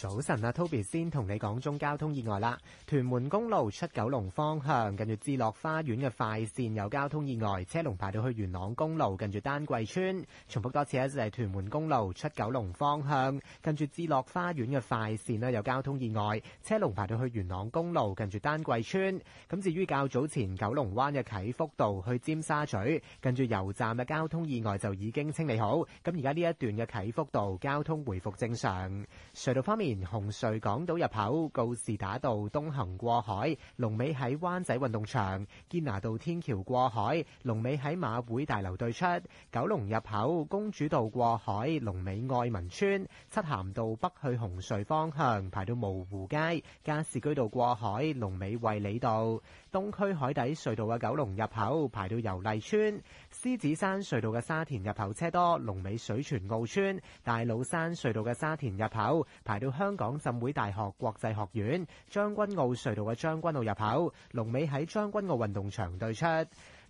早晨啊，Toby 先同你講中交通意外啦。屯門公路出九龍方向，近住置樂花園嘅快線有交通意外，車龍排到去元朗公路，近住丹桂村。重複多次咧，就係屯門公路出九龍方向，近住置樂花園嘅快線咧有交通意外，車龍排到去元朗公路，近住丹桂村。咁至於較早前九龍灣嘅啟福道去尖沙咀，近住油站嘅交通意外就已經清理好。咁而家呢一段嘅啟福道交通回復正常。隧道方面。紅隧港島入口告士打道東行過海，龍尾喺灣仔運動場；堅拿道天橋過海，龍尾喺馬會大樓對出；九龍入口公主道過海，龍尾愛民村；漆咸道北去紅隧方向，排到蕪湖街；加士居道過海，龍尾衛理道；東區海底隧道嘅九龍入口，排到油麗村；獅子山隧道嘅沙田入口車多，龍尾水泉澳村；大老山隧道嘅沙田入口，排到。香港浸會大學國際學院，將軍澳隧道嘅將軍澳入口，龍尾喺將軍澳運動場對出。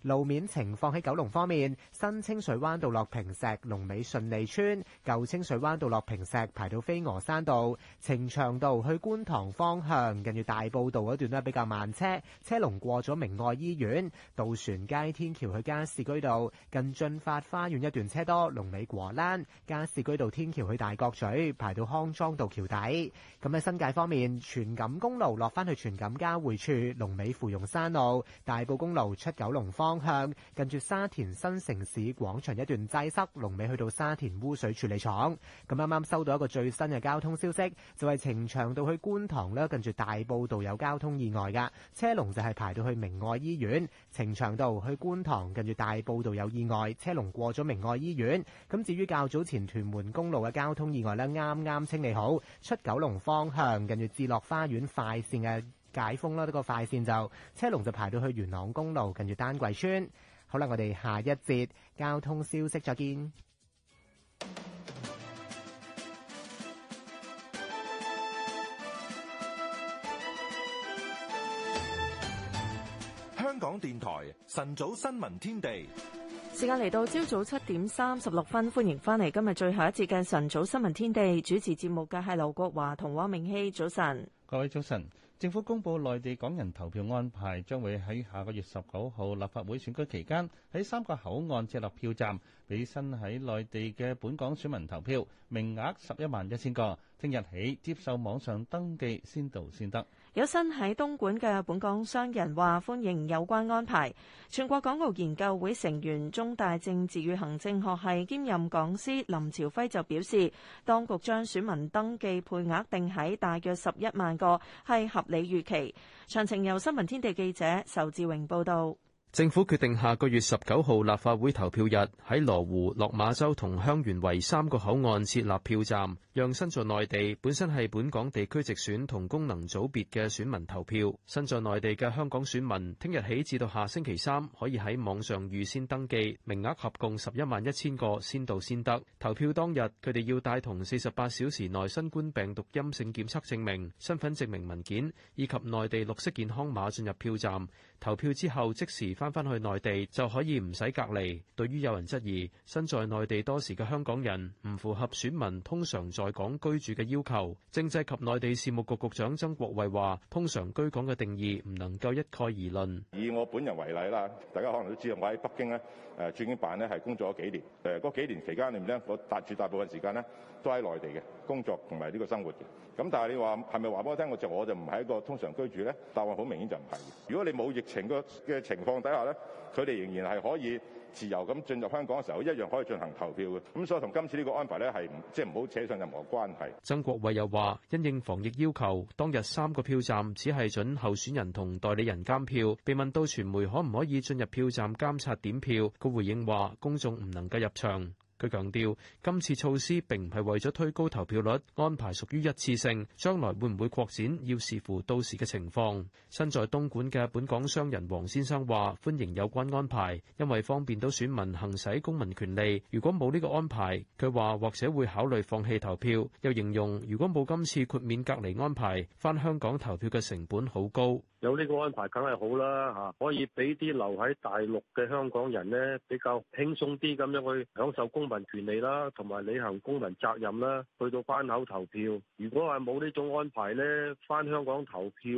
路面情況，喺九龍方面，新清水灣道落坪石、龍尾順利村，舊清水灣道落坪石排到飛鵝山道，呈祥道去觀塘方向，近住大埔道嗰段都係比較慢車，車龍過咗明愛醫院，渡船街天橋去加士居道，近駿發花園一段車多，龍尾果欄，加士居道天橋去大角咀排到康莊道橋底。咁喺新界方面，荃錦公路落翻去荃錦交匯處，龍尾芙蓉山路，大埔公路出九龍方方向近住沙田新城市廣場一段擠塞，龍尾去到沙田污水處理廠。咁啱啱收到一個最新嘅交通消息，就係呈祥道去觀塘咧，近住大埔道有交通意外嘅車龍，就係排到去明愛醫院。呈祥道去觀塘近住大埔道有意外，車龍過咗明愛醫院。咁至於較早前屯門公路嘅交通意外咧，啱啱清理好，出九龍方向近住置樂花園快線嘅解封啦！呢個快線就車龍就排到去元朗公路，近住丹桂村。好啦，我哋下一節交通消息再見。香港電台晨早新聞天地，時間嚟到朝早七點三十六分，歡迎翻嚟。今日最後一節嘅晨早新聞天地主持節目嘅係劉國華同汪明希。早晨，各位早晨。政府公布，內地港人投票安排將會喺下個月十九號立法會選舉期間，喺三個口岸設立票站，俾身喺內地嘅本港選民投票，名額十一萬一千個。聽日起接受網上登記，先到先得。有新喺東莞嘅本港商人話歡迎有關安排。全國港澳研究會成員、中大政治與行政學系兼任講師林朝輝就表示，當局將選民登記配額定喺大約十一萬個，係合理預期。詳情由新聞天地記者仇志榮報道。政府決定下個月十九號立法會投票日喺羅湖、落馬洲同香園圍三個口岸設立票站，讓身在內地、本身係本港地區直選同功能組別嘅選民投票。身在內地嘅香港選民，聽日起至到下星期三可以喺網上預先登記，名額合共十一萬一千個，先到先得。投票當日，佢哋要帶同四十八小時內新冠病毒陰性檢測證明、身份證明文件以及內地綠色健康碼進入票站。投票之後即時。返返去內地就可以唔使隔離。對於有人質疑身在內地多時嘅香港人唔符合選民通常在港居住嘅要求，政制及內地事務局局長曾國衛話：通常居港嘅定義唔能夠一概而論。以我本人為例啦，大家可能都知道我喺北京咧，誒駐京辦咧係工作咗幾年。誒嗰幾年期間裏面咧，我大住大部分時間咧都喺內地嘅工作同埋呢個生活嘅。咁但係你話係咪話俾我聽，我就我就唔係一個通常居住咧？答案好明顯就唔係。如果你冇疫情個嘅情況底下咧，佢哋仍然係可以自由咁進入香港嘅時候，一樣可以進行投票嘅。咁所以同今次呢個安排咧，係即係唔好扯上任何關係。曾國衛又話因應防疫要求，當日三個票站只係准候選人同代理人監票。被問到傳媒可唔可以進入票站監察點票，佢回應話公眾唔能夠入場。佢強調，今次措施並唔係為咗推高投票率，安排屬於一次性，將來會唔會擴展要視乎到時嘅情況。身在東莞嘅本港商人黃先生話：歡迎有關安排，因為方便到選民行使公民權利。如果冇呢個安排，佢話或者會考慮放棄投票。又形容如果冇今次豁免隔離安排，翻香港投票嘅成本好高。有呢個安排梗係好啦吓，可以俾啲留喺大陸嘅香港人咧比較輕鬆啲咁樣去享受公民權利啦，同埋履行公民責任啦，去到關口投票。如果係冇呢種安排咧，翻香港投票。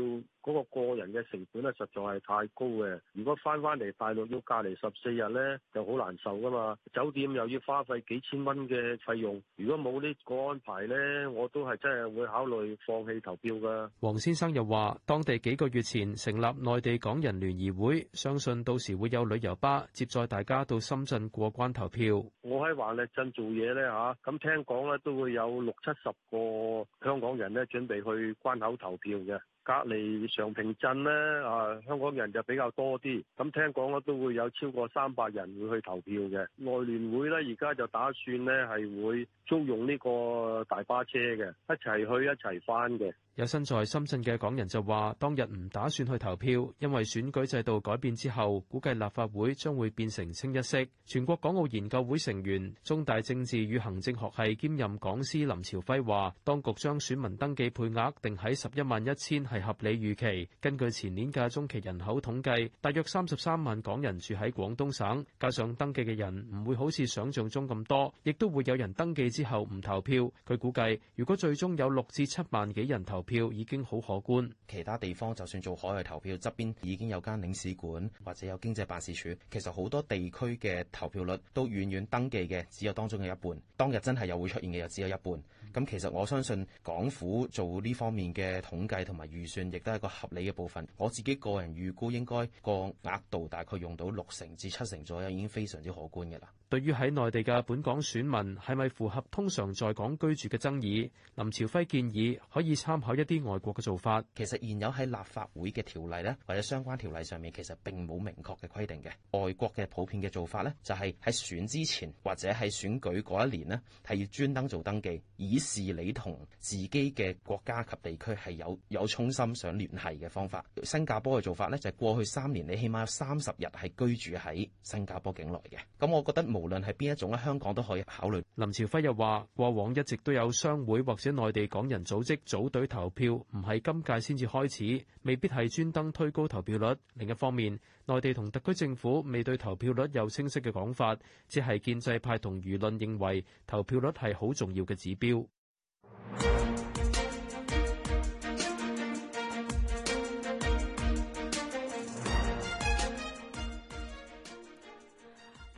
嗰個個人嘅成本咧，實在係太高嘅。如果返返嚟大陸要隔離十四日咧，就好難受㗎嘛。酒店又要花費幾千蚊嘅費用。如果冇呢個安排咧，我都係真係會考慮放棄投票㗎。黃先生又話，當地幾個月前成立內地港人聯誼會，相信到時會有旅遊巴接載大家到深圳過關投票。我喺橫瀝鎮做嘢咧吓，咁、啊、聽講咧都會有六七十個香港人咧準備去關口投票嘅。隔離常平鎮咧，啊，香港人就比較多啲，咁聽講咧都會有超過三百人會去投票嘅。內聯會咧，而家就打算咧係會租用呢個大巴車嘅，一齊去一齊返嘅。有身在深圳嘅港人就話當日唔打算去投票，因為選舉制度改變之後估計立法會將會變成清一色。全國港澳研究會成員中大政治與行政學系兼任講師林朝輝話當局將選民登記配額定喺十一萬一千係合理預期。根據前年嘅中期人口統計，大約三十三萬港人住喺廣東省，加上登記嘅人唔會好似想象中咁多，亦都會有人登記之後唔投票。佢估計如果最終有六至七萬幾人投。投票已經好可觀，其他地方就算做海外投票側邊已經有間領事館或者有經濟辦事處，其實好多地區嘅投票率都遠遠登記嘅，只有當中嘅一半。當日真係又會出現嘅，又只有一半。咁其實我相信港府做呢方面嘅統計同埋預算，亦都係一個合理嘅部分。我自己個人預估應該個額度大概用到六成至七成左右，已經非常之可觀嘅啦。對於喺內地嘅本港選民係咪符合通常在港居住嘅爭議，林朝輝建議可以參考一啲外國嘅做法。其實現有喺立法會嘅條例呢，或者相關條例上面其實並冇明確嘅規定嘅。外國嘅普遍嘅做法呢，就係喺選之前或者喺選舉嗰一年呢，係要專登做登記，以示你同自己嘅國家及地區係有有衷心想聯繫嘅方法。新加坡嘅做法呢，就係過去三年你起碼有三十日係居住喺新加坡境內嘅。咁我覺得冇。無論係邊一種喺香港都可以考慮。林朝輝又話：過往一直都有商會或者內地港人組織組隊投票，唔係今屆先至開始，未必係專登推高投票率。另一方面，內地同特區政府未對投票率有清晰嘅講法，只係建制派同輿論認為投票率係好重要嘅指標。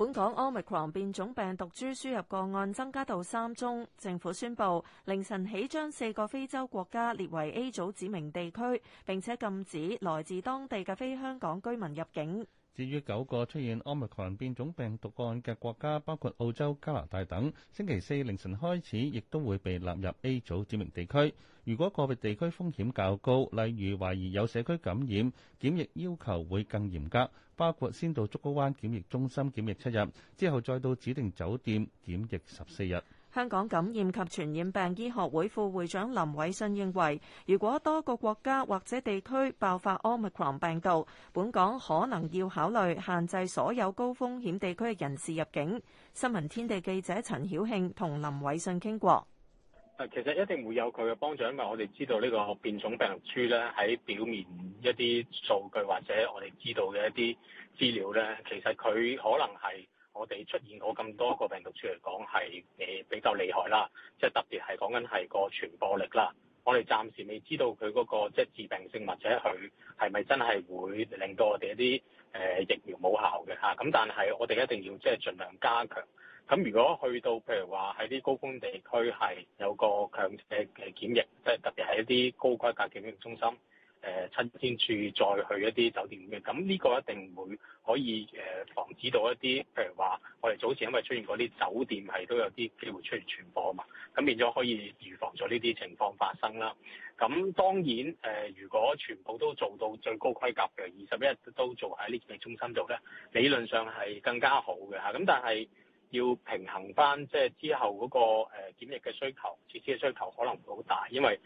本港 omicron 變種病毒株輸入個案增加到三宗，政府宣布凌晨起將四個非洲國家列為 A 組指明地區，並且禁止來自當地嘅非香港居民入境。至於九個出現奧密克戎變種病毒個案嘅國家，包括澳洲、加拿大等，星期四凌晨開始，亦都會被納入 A 組指明地區。如果個別地區風險較高，例如懷疑有社區感染，檢疫要求會更嚴格，包括先到竹篙灣檢疫中心檢疫七日，之後再到指定酒店檢疫十四日。香港感染及傳染病醫學會副會長林偉信認為，如果多個國家或者地區爆發 Omicron 病毒，本港可能要考慮限制所有高風險地區嘅人士入境。新聞天地記者陳曉慶同林偉信傾過，其實一定會有佢嘅幫助，因為我哋知道呢個變種病毒株咧，喺表面一啲數據或者我哋知道嘅一啲資料咧，其實，佢可能係。我哋出現過咁多個病毒株嚟講，係誒比較厲害啦，即係特別係講緊係個傳播力啦。我哋暫時未知道佢嗰、那個即係致病性，或者佢係咪真係會令到我哋一啲誒、呃、疫苗冇效嘅嚇。咁、啊、但係我哋一定要即係盡量加強。咁如果去到譬如話喺啲高峯地區係有個強嘅誒檢疫，即係特別係一啲高規格嘅檢疫中心。誒七天住，呃、處再去一啲酒店嘅，咁呢個一定會可以誒、呃、防止到一啲，譬如話我哋早前因為出現嗰啲酒店係都有啲機會出現傳播啊嘛，咁變咗可以預防咗呢啲情況發生啦。咁當然誒、呃，如果全部都做到最高規格嘅二十一日都做喺呢啲中心度咧，理論上係更加好嘅嚇。咁但係要平衡翻，即、就、係、是、之後嗰個誒檢疫嘅需求、設施嘅需求，可能會好大，因為。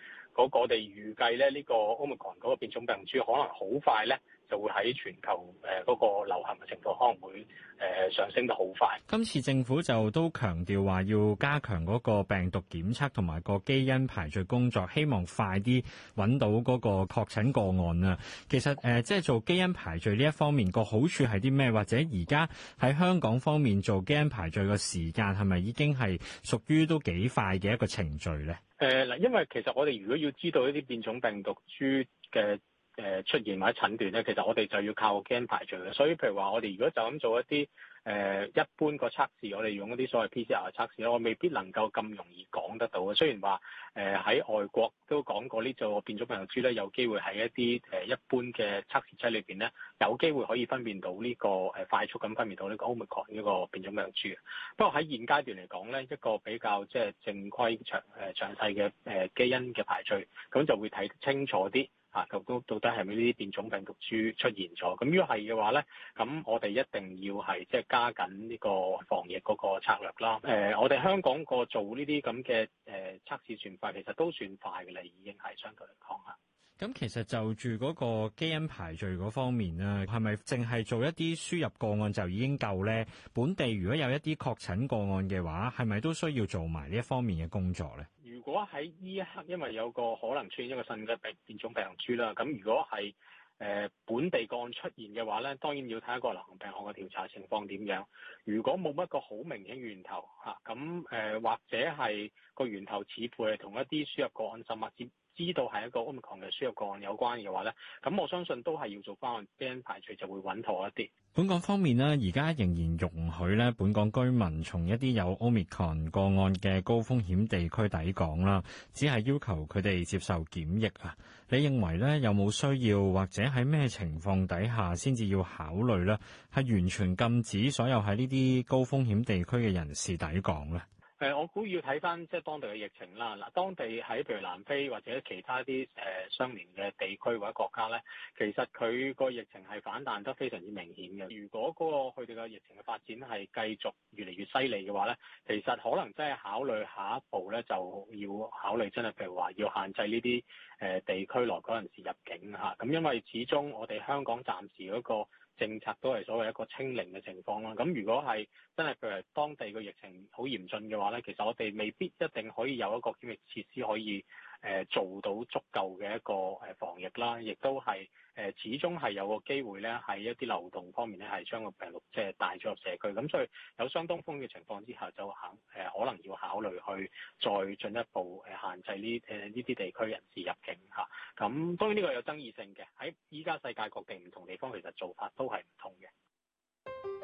嗰我哋預計咧，呢個 Omicron 嗰個變種病株可能好快咧。就會喺全球誒嗰、呃那個流行嘅程度可能會誒、呃、上升得好快。今次政府就都強調話要加強嗰個病毒檢測同埋個基因排序工作，希望快啲揾到嗰個確診個案啊。其實誒、呃，即係做基因排序呢一方面個好處係啲咩？或者而家喺香港方面做基因排序嘅時間係咪已經係屬於都幾快嘅一個程序呢？誒嗱、呃，因為其實我哋如果要知道一啲變種病毒株嘅。誒出現或者診斷咧，其實我哋就要靠基因排序嘅。所以，譬如話，我哋如果就咁做一啲誒、呃、一般個測試，我哋用一啲所謂 PCR 測試，我未必能夠咁容易講得到嘅。雖然話誒喺外國都講過呢個變種病毒株咧，有機會喺一啲誒、呃、一般嘅測試劑裏邊咧，有機會可以分辨到呢、這個誒、呃、快速咁分辨到呢個 Omicron 呢個變種病毒株。不過喺現階段嚟講咧，一個比較即係正規詳誒詳，詳細嘅誒、呃、基因嘅排序咁就會睇得清楚啲。啊，究竟到底係咪呢啲變種病毒株出現咗？咁如果係嘅話咧，咁我哋一定要係即係加緊呢個防疫嗰個策略啦。誒、呃，我哋香港個做呢啲咁嘅誒測試算法，其實都算快嘅啦，已經係相對嚟講啦。咁其實就住嗰個基因排序嗰方面啊，係咪淨係做一啲輸入個案就已經夠咧？本地如果有一啲確診個案嘅話，係咪都需要做埋呢一方面嘅工作咧？如果喺呢一刻，因為有個可能出現一個新嘅病變種病毒啦，咁如果係誒、呃、本地個案出現嘅話咧，當然要睇一個流行病學嘅調查情況點樣。如果冇乜個好明顯源頭嚇，咁、啊、誒、啊、或者係個源頭似乎係同一啲輸入個案，甚至知道係一個奧密 o n 嘅輸入個案有關嘅話咧，咁我相信都係要做翻基因排除，就會穩妥一啲。本港方面咧，而家仍然容許咧，本港居民從一啲有 Omicron 個案嘅高風險地區抵港啦，只係要求佢哋接受檢疫啊。你認為咧，有冇需要或者喺咩情況底下先至要考慮咧？係完全禁止所有喺呢啲高風險地區嘅人士抵港咧？誒，我估要睇翻即係當地嘅疫情啦。嗱，當地喺譬如南非或者其他啲誒相連嘅地區或者國家咧，其實佢個疫情係反彈得非常之明顯嘅。如果嗰個佢哋嘅疫情嘅發展係繼續越嚟越犀利嘅話咧，其實可能真係考慮下一步咧就要考慮真係譬如話要限制呢啲誒地區來嗰陣時入境嚇。咁因為始終我哋香港暫時嗰個。政策都係所謂一個清零嘅情況啦，咁如果係真係譬如當地嘅疫情好嚴峻嘅話咧，其實我哋未必一定可以有一個檢疫設施可以。誒做到足夠嘅一個誒防疫啦，亦都係誒、呃、始終係有個機會咧，喺一啲流動方面咧，係將個病毒即係、就是、帶咗入社區。咁所以有相當風險嘅情況之下，就肯誒可能要考慮去再進一步誒限制呢誒呢啲地區人士入境嚇。咁、啊、當然呢個有爭議性嘅，喺依家世界各地唔同地方其實做法都係唔同嘅。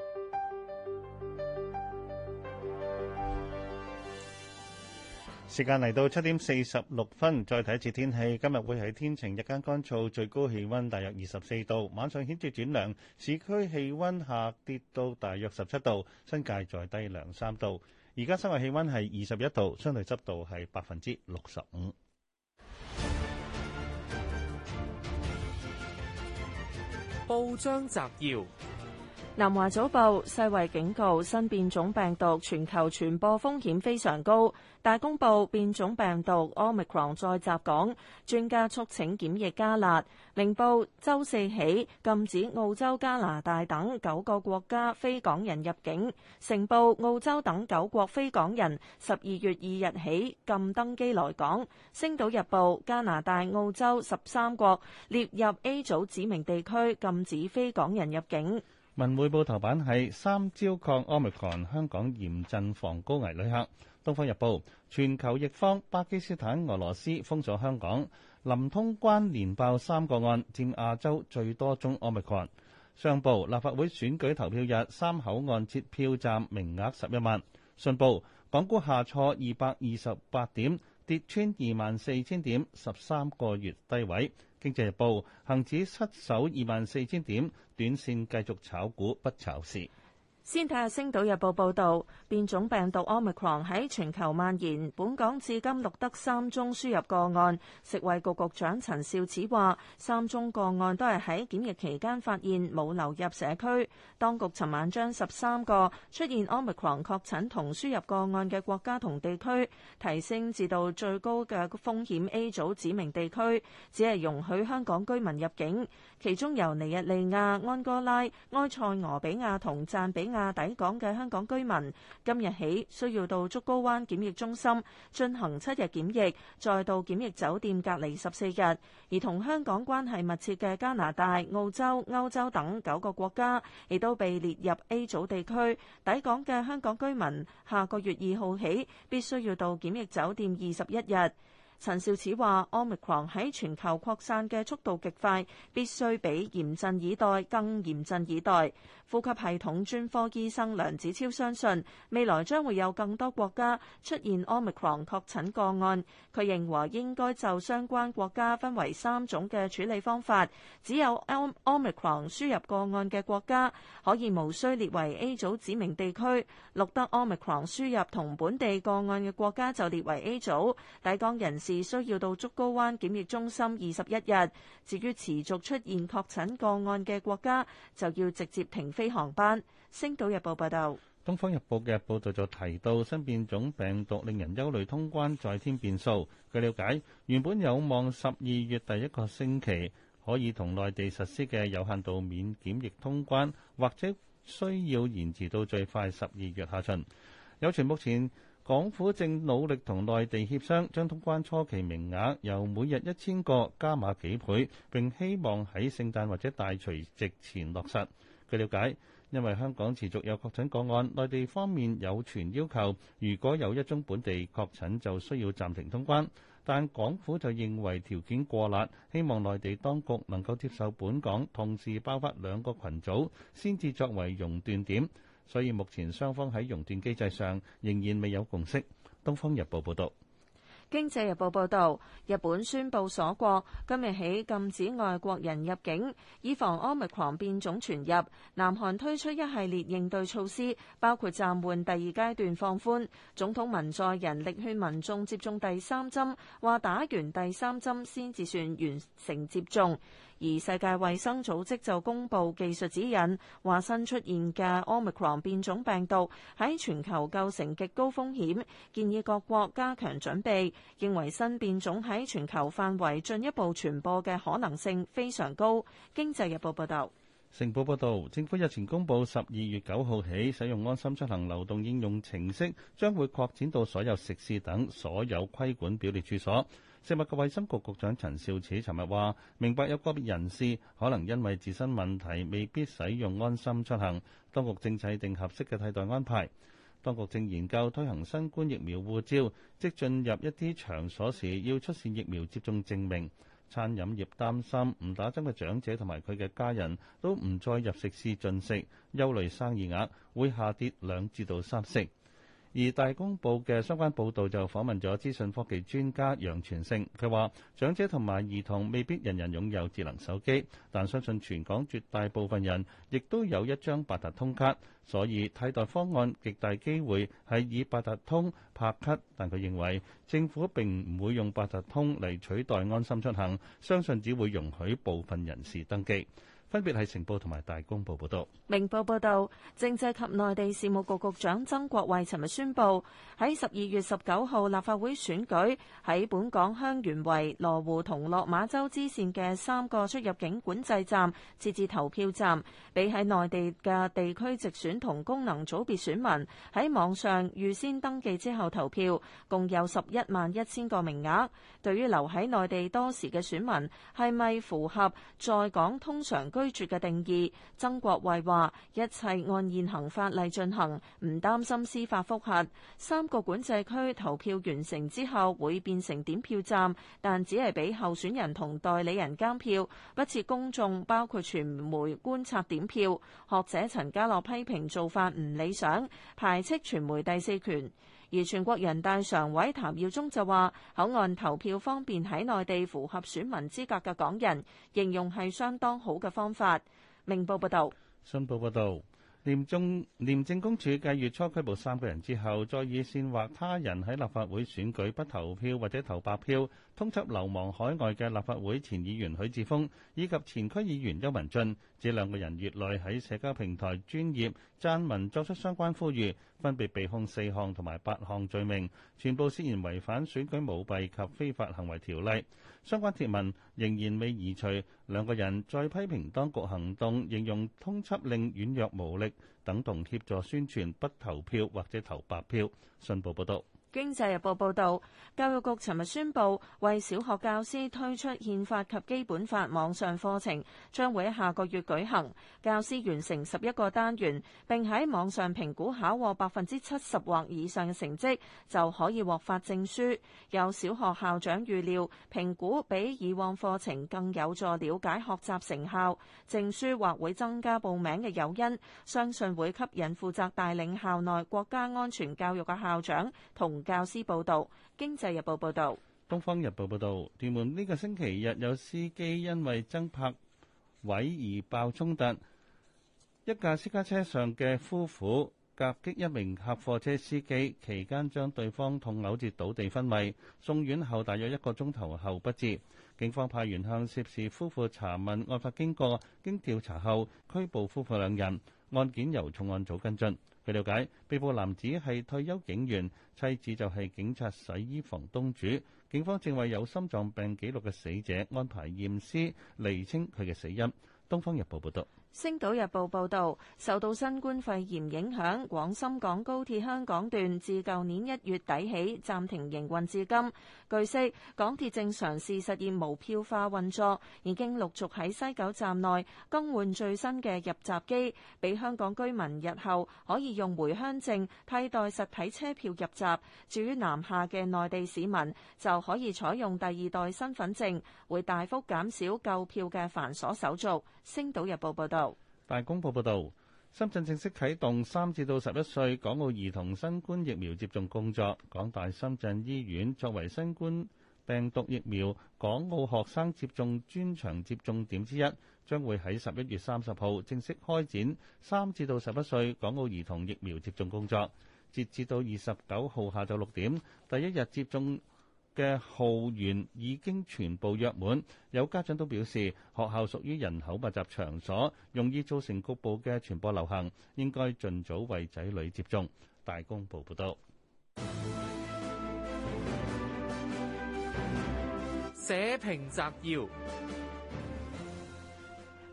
時間嚟到七點四十六分，再睇一次天氣。今日會喺天晴，日間乾燥，最高氣温大約二十四度，晚上顯著轉涼，市區氣温下跌到大約十七度，新界再低兩三度。而家室外氣温係二十一度，相對濕度係百分之六十五。報章摘要。南華早報：世衛警告新變種病毒全球傳播風險非常高。大公報：變種病毒 Omicron 再襲港，專家促請檢疫加辣。零報：周四起禁止澳洲、加拿大等九個國家非港人入境。成報：澳洲等九國非港人十二月二日起禁登機來港。星島日報：加拿大、澳洲十三國列入 A 組指明地區，禁止非港人入境。文匯報頭版係三招抗 Omicron，香港嚴陣防高危旅客。東方日報全球疫方，巴基斯坦、俄羅斯封鎖香港。臨通關連爆三個案，佔亞洲最多宗 Omicron。商報立法會選舉投票日，三口岸設票站，名額十一萬。信報港股下挫二百二十八點，跌穿二萬四千點，十三個月低位。經濟日報，恒指失守二萬四千點，短線繼續炒股不炒市。先睇下《星島日報》報道，變種病毒 Omicron 喺全球蔓延，本港至今錄得三宗輸入個案。食衛局局長陳肇始話，三宗個案都係喺檢疫期間發現，冇流入社區。當局尋晚將十三個出現 Omicron 確診同輸入個案嘅國家同地區提升至到最高嘅風險 A 組指明地區，只係容許香港居民入境。其中由尼日利亞、安哥拉、埃塞俄比亞同讚比。亞抵港嘅香港居民，今日起需要到竹篙灣檢疫中心進行七日檢疫，再到檢疫酒店隔離十四日。而同香港關係密切嘅加拿大、澳洲、歐洲等九個國家，亦都被列入 A 組地區。抵港嘅香港居民下個月二號起，必須要到檢疫酒店二十一日。陳肇始話 Omicron 喺全球擴散嘅速度極快，必須比嚴陣以待更嚴陣以待。呼吸系統專科醫生梁子超相信，未來將會有更多國家出現 Omicron 確診個案。佢認為應該就相關國家分為三種嘅處理方法。只有 Omicron 輸入個案嘅國家可以無需列為 A 組指明地區，錄得 Omicron 輸入同本地個案嘅國家就列為 A 組。抵港人士，需要到竹篙灣檢疫中心二十一日。至於持續出現確診個案嘅國家，就要直接停飛航班。星島日報報道，東方日報嘅報道就提到，新變種病毒令人憂慮，通關再添變數。據了解，原本有望十二月第一個星期可以同內地實施嘅有限度免檢疫通關，或者需要延遲到最快十二月下旬。有傳目前。港府正努力同內地協商，將通關初期名額由每日一千個加碼幾倍，並希望喺聖誕或者大除夕前落實。據了解，因為香港持續有確診個案，內地方面有權要求，如果有一宗本地確診，確診就需要暫停通關。但港府就認為條件過辣，希望內地當局能夠接受本港同時爆發兩個群組，先至作為熔斷點。所以目前雙方喺熔斷機制上仍然未有共識。《東方日報》報道：《經濟日報》報道，日本宣布鎖國，今日起禁止外國人入境，以防 Omicron 變種傳入。南韓推出一系列應對措施，包括暫緩第二階段放寬。總統文在寅力勸民眾接種第三針，話打完第三針先至算完成接種。而世界衛生組織就公布技術指引，話新出現嘅 Omicron 變種病毒喺全球構成極高風險，建議各國加強準備。認為新變種喺全球範圍進一步傳播嘅可能性非常高。經濟日報報道：《城報報導，政府日前公布，十二月九號起使用安心出行流動應用程式，將會擴展到所有食肆等所有規管表列處所。食物及衞生局局長陳肇始尋日話：明白有個別人士可能因為自身問題，未必使用安心出行，當局正制定合適嘅替代安排。當局正研究推行新冠疫苗護照，即進入一啲場所時要出示疫苗接種證明。餐飲業擔心唔打針嘅長者同埋佢嘅家人都唔再入食肆進食，憂慮生意額會下跌兩至到三成。而大公報嘅相關報導就訪問咗資訊科技專家楊全勝，佢話長者同埋兒童未必人人擁有智能手機，但相信全港絕大部分人亦都有一張八達通卡，所以替代方案極大機會係以八達通拍卡。但佢認為政府並唔會用八達通嚟取代安心出行，相信只會容許部分人士登記。分別係《情報》同埋《大公報》報道，《明報》報道，政制及內地事務局局長曾國衛尋日宣布，喺十二月十九號立法會選舉，喺本港香園圍、羅湖同落馬洲支線嘅三個出入境管制站設置投票站，俾喺內地嘅地區直選同功能組別選民喺網上預先登記之後投票，共有十一萬一千個名額。對於留喺內地多時嘅選民，係咪符合在港通常居拘絕嘅定義，曾國衛話：一切按現行法例進行，唔擔心司法覆核。三個管制區投票完成之後會變成點票站，但只係俾候選人同代理人監票，不設公眾，包括傳媒觀察點票。學者陳家洛批評做法唔理想，排斥傳媒第四權。而全國人大常委譚耀宗就話，口岸投票方便喺內地符合選民資格嘅港人，形容係相當好嘅方法。明報報道。新報報導。廉政廉政公署繼月初拘捕三個人之後，再以煽惑他人喺立法會選舉不投票或者投白票，通緝流亡海外嘅立法會前議員許智峰以及前區議員邱文俊。這兩個人月內喺社交平台專頁撰文作出相關呼籲，分別被控四項同埋八項罪名，全部涉嫌違反選舉舞弊及非法行為條例。相關帖文仍然未移除，兩個人再批評當局行動，形容通緝令軟弱無力，等同協助宣傳不投票或者投白票。信報報道。《經濟日報》報導，教育局尋日宣布，為小學教師推出憲法及基本法網上課程，將會喺下個月舉行。教師完成十一個單元並喺網上評估考獲百分之七十或以上嘅成績，就可以獲發證書。有小學校長預料，評估比以往課程更有助了解學習成效，證書或會增加報名嘅誘因，相信會吸引負責帶領校內國家安全教育嘅校長同。教師報道，《經濟日報》報道，《東方日報》報道，屯門呢個星期日有司機因為爭泊位而爆衝突，一架私家車上嘅夫婦夾擊一名客貨車司機，期間將對方痛毆至倒地昏迷，送院後大約一個鐘頭後不治。警方派員向涉事夫婦查問案發經過，經調查後拘捕夫婦兩人，案件由重案組跟進。據了解，被捕男子係退休警員，妻子就係警察洗衣房東主。警方正為有心臟病記錄嘅死者安排驗屍厘清佢嘅死因。《東方日報》報道。《星島日報》報導，受到新冠肺炎影響，廣深港高鐵香港段自舊年一月底起暫停營運至今。據悉，港鐵正嘗試實現無票化運作，已經陸續喺西九站內更換最新嘅入閘機，俾香港居民日後可以用回鄉證替代實體車票入閘。至於南下嘅內地市民，就可以採用第二代身份證，會大幅減少購票嘅繁瑣手續。《星島日報》報導。大公報報導，深圳正式啟動三至到十一歲港澳兒童新冠疫苗接種工作。港大深圳醫院作為新冠病毒疫苗港澳學生接種專場接種點之一，將會喺十一月三十號正式開展三至到十一歲港澳兒童疫苗接種工作。截至到二十九號下晝六點，第一日接種嘅號源已經全部約滿，有家長都表示，學校屬於人口密集場所，容易造成局部嘅傳播流行，應該盡早為仔女接種。大公報報道：社評摘要。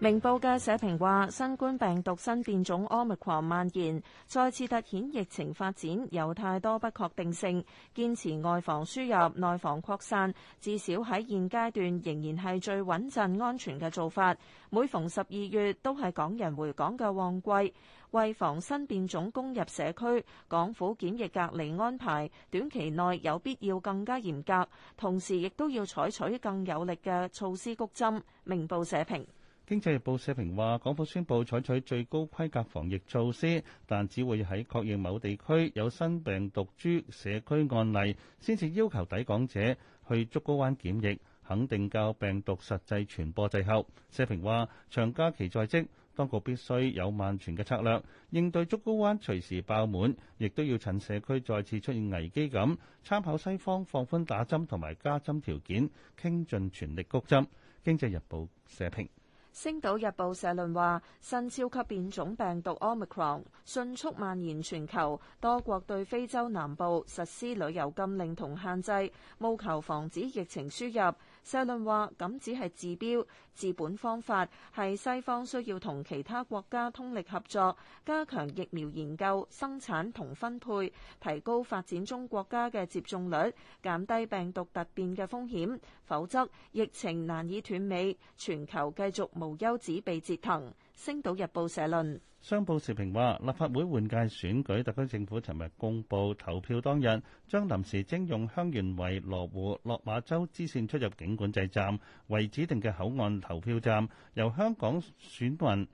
明報嘅社評話：新冠病毒新變種奧密克龍蔓延，再次突顯疫情發展有太多不確定性。堅持外防輸入、內防擴散，至少喺現階段仍然係最穩陣安全嘅做法。每逢十二月都係港人回港嘅旺季，為防新變種攻入社區，港府檢疫隔離安排，短期內有必要更加嚴格，同時亦都要採取更有力嘅措施。谷針。明報社評。經濟日報社評話，港府宣布採取最高規格防疫措施，但只會喺確認某地區有新病毒株社區案例，先至要求抵港者去竹篙灣檢疫，肯定較病毒實際傳播滯後。社評話，長假期在即，當局必須有萬全嘅策略應對竹篙灣隨時爆滿，亦都要趁社區再次出現危機感，參考西方放寬打針同埋加針條件，傾盡全力谷針。經濟日報社評。《星島日報》社論話：新超級變種病毒 Omicron 迅速蔓延全球，多國對非洲南部實施旅遊禁令同限制，務求防止疫情輸入。社論話：咁只係治標，治本方法，係西方需要同其他國家通力合作，加強疫苗研究、生產同分配，提高發展中國家嘅接種率，減低病毒突變嘅風險。否則，疫情難以斷尾，全球繼續無休止被折騰。《星島日報》社論。商報時評話，立法會換屆選舉，特區政府尋日公佈投票當日將臨時徵用香園圍羅湖落馬洲支線出入境管制站為指定嘅口岸投票站，由香港選民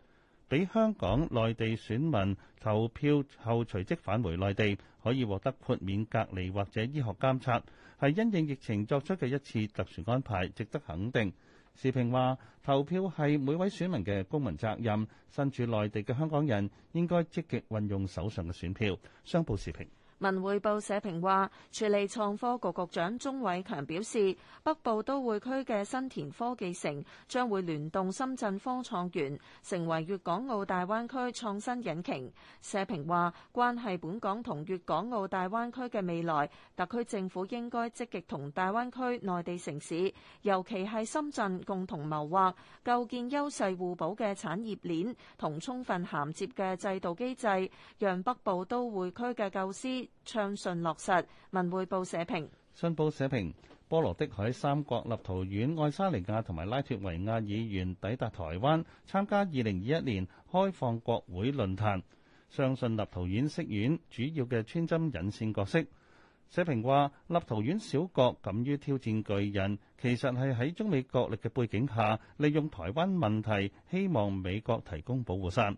俾香港內地選民投票後，隨即返回內地，可以獲得豁免隔離或者醫學監察，係因應疫情作出嘅一次特殊安排，值得肯定。時評話：投票係每位選民嘅公民責任，身處內地嘅香港人應該積極運用手上嘅選票。商報時評。文匯報社評話，署理創科局局長鍾偉強表示，北部都會區嘅新田科技城將會聯動深圳科創園，成為粵港澳大灣區創新引擎。社評話，關係本港同粵港澳大灣區嘅未來，特區政府應該積極同大灣區內地城市，尤其係深圳，共同謀劃構建優勢互補嘅產業鏈同充分銜接嘅制度機制，讓北部都會區嘅構思。暢順落實。文匯報社評。信報社評，波羅的海三國立陶宛、愛沙尼亞同埋拉脱維亞議員抵達台灣參加二零二一年開放國會論壇，相信立陶宛飾演主要嘅穿針引線角色。社評話，立陶宛小國敢於挑戰巨人，其實係喺中美角力嘅背景下，利用台灣問題希望美國提供保護傘。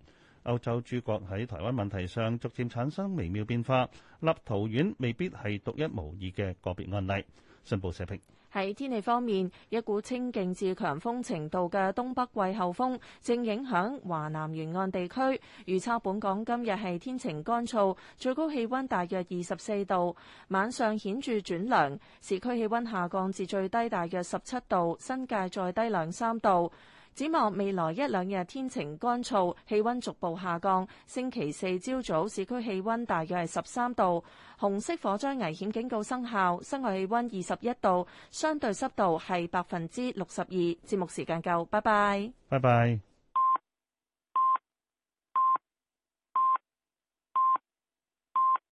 歐洲諸國喺台灣問題上逐漸產生微妙變化，立陶宛未必係獨一無二嘅個別案例。信報社評。喺天氣方面，一股清勁至強風程度嘅東北季候風正影響華南沿岸地區，預測本港今日係天晴乾燥，最高氣温大約二十四度，晚上顯著轉涼，市區氣温下降至最低大約十七度，新界再低兩三度。展望未來一兩日天晴乾燥，氣温逐步下降。星期四朝早市區氣温大約係十三度，紅色火災危險警告生效。室外氣温二十一度，相對濕度係百分之六十二。節目時間夠，拜拜，拜拜。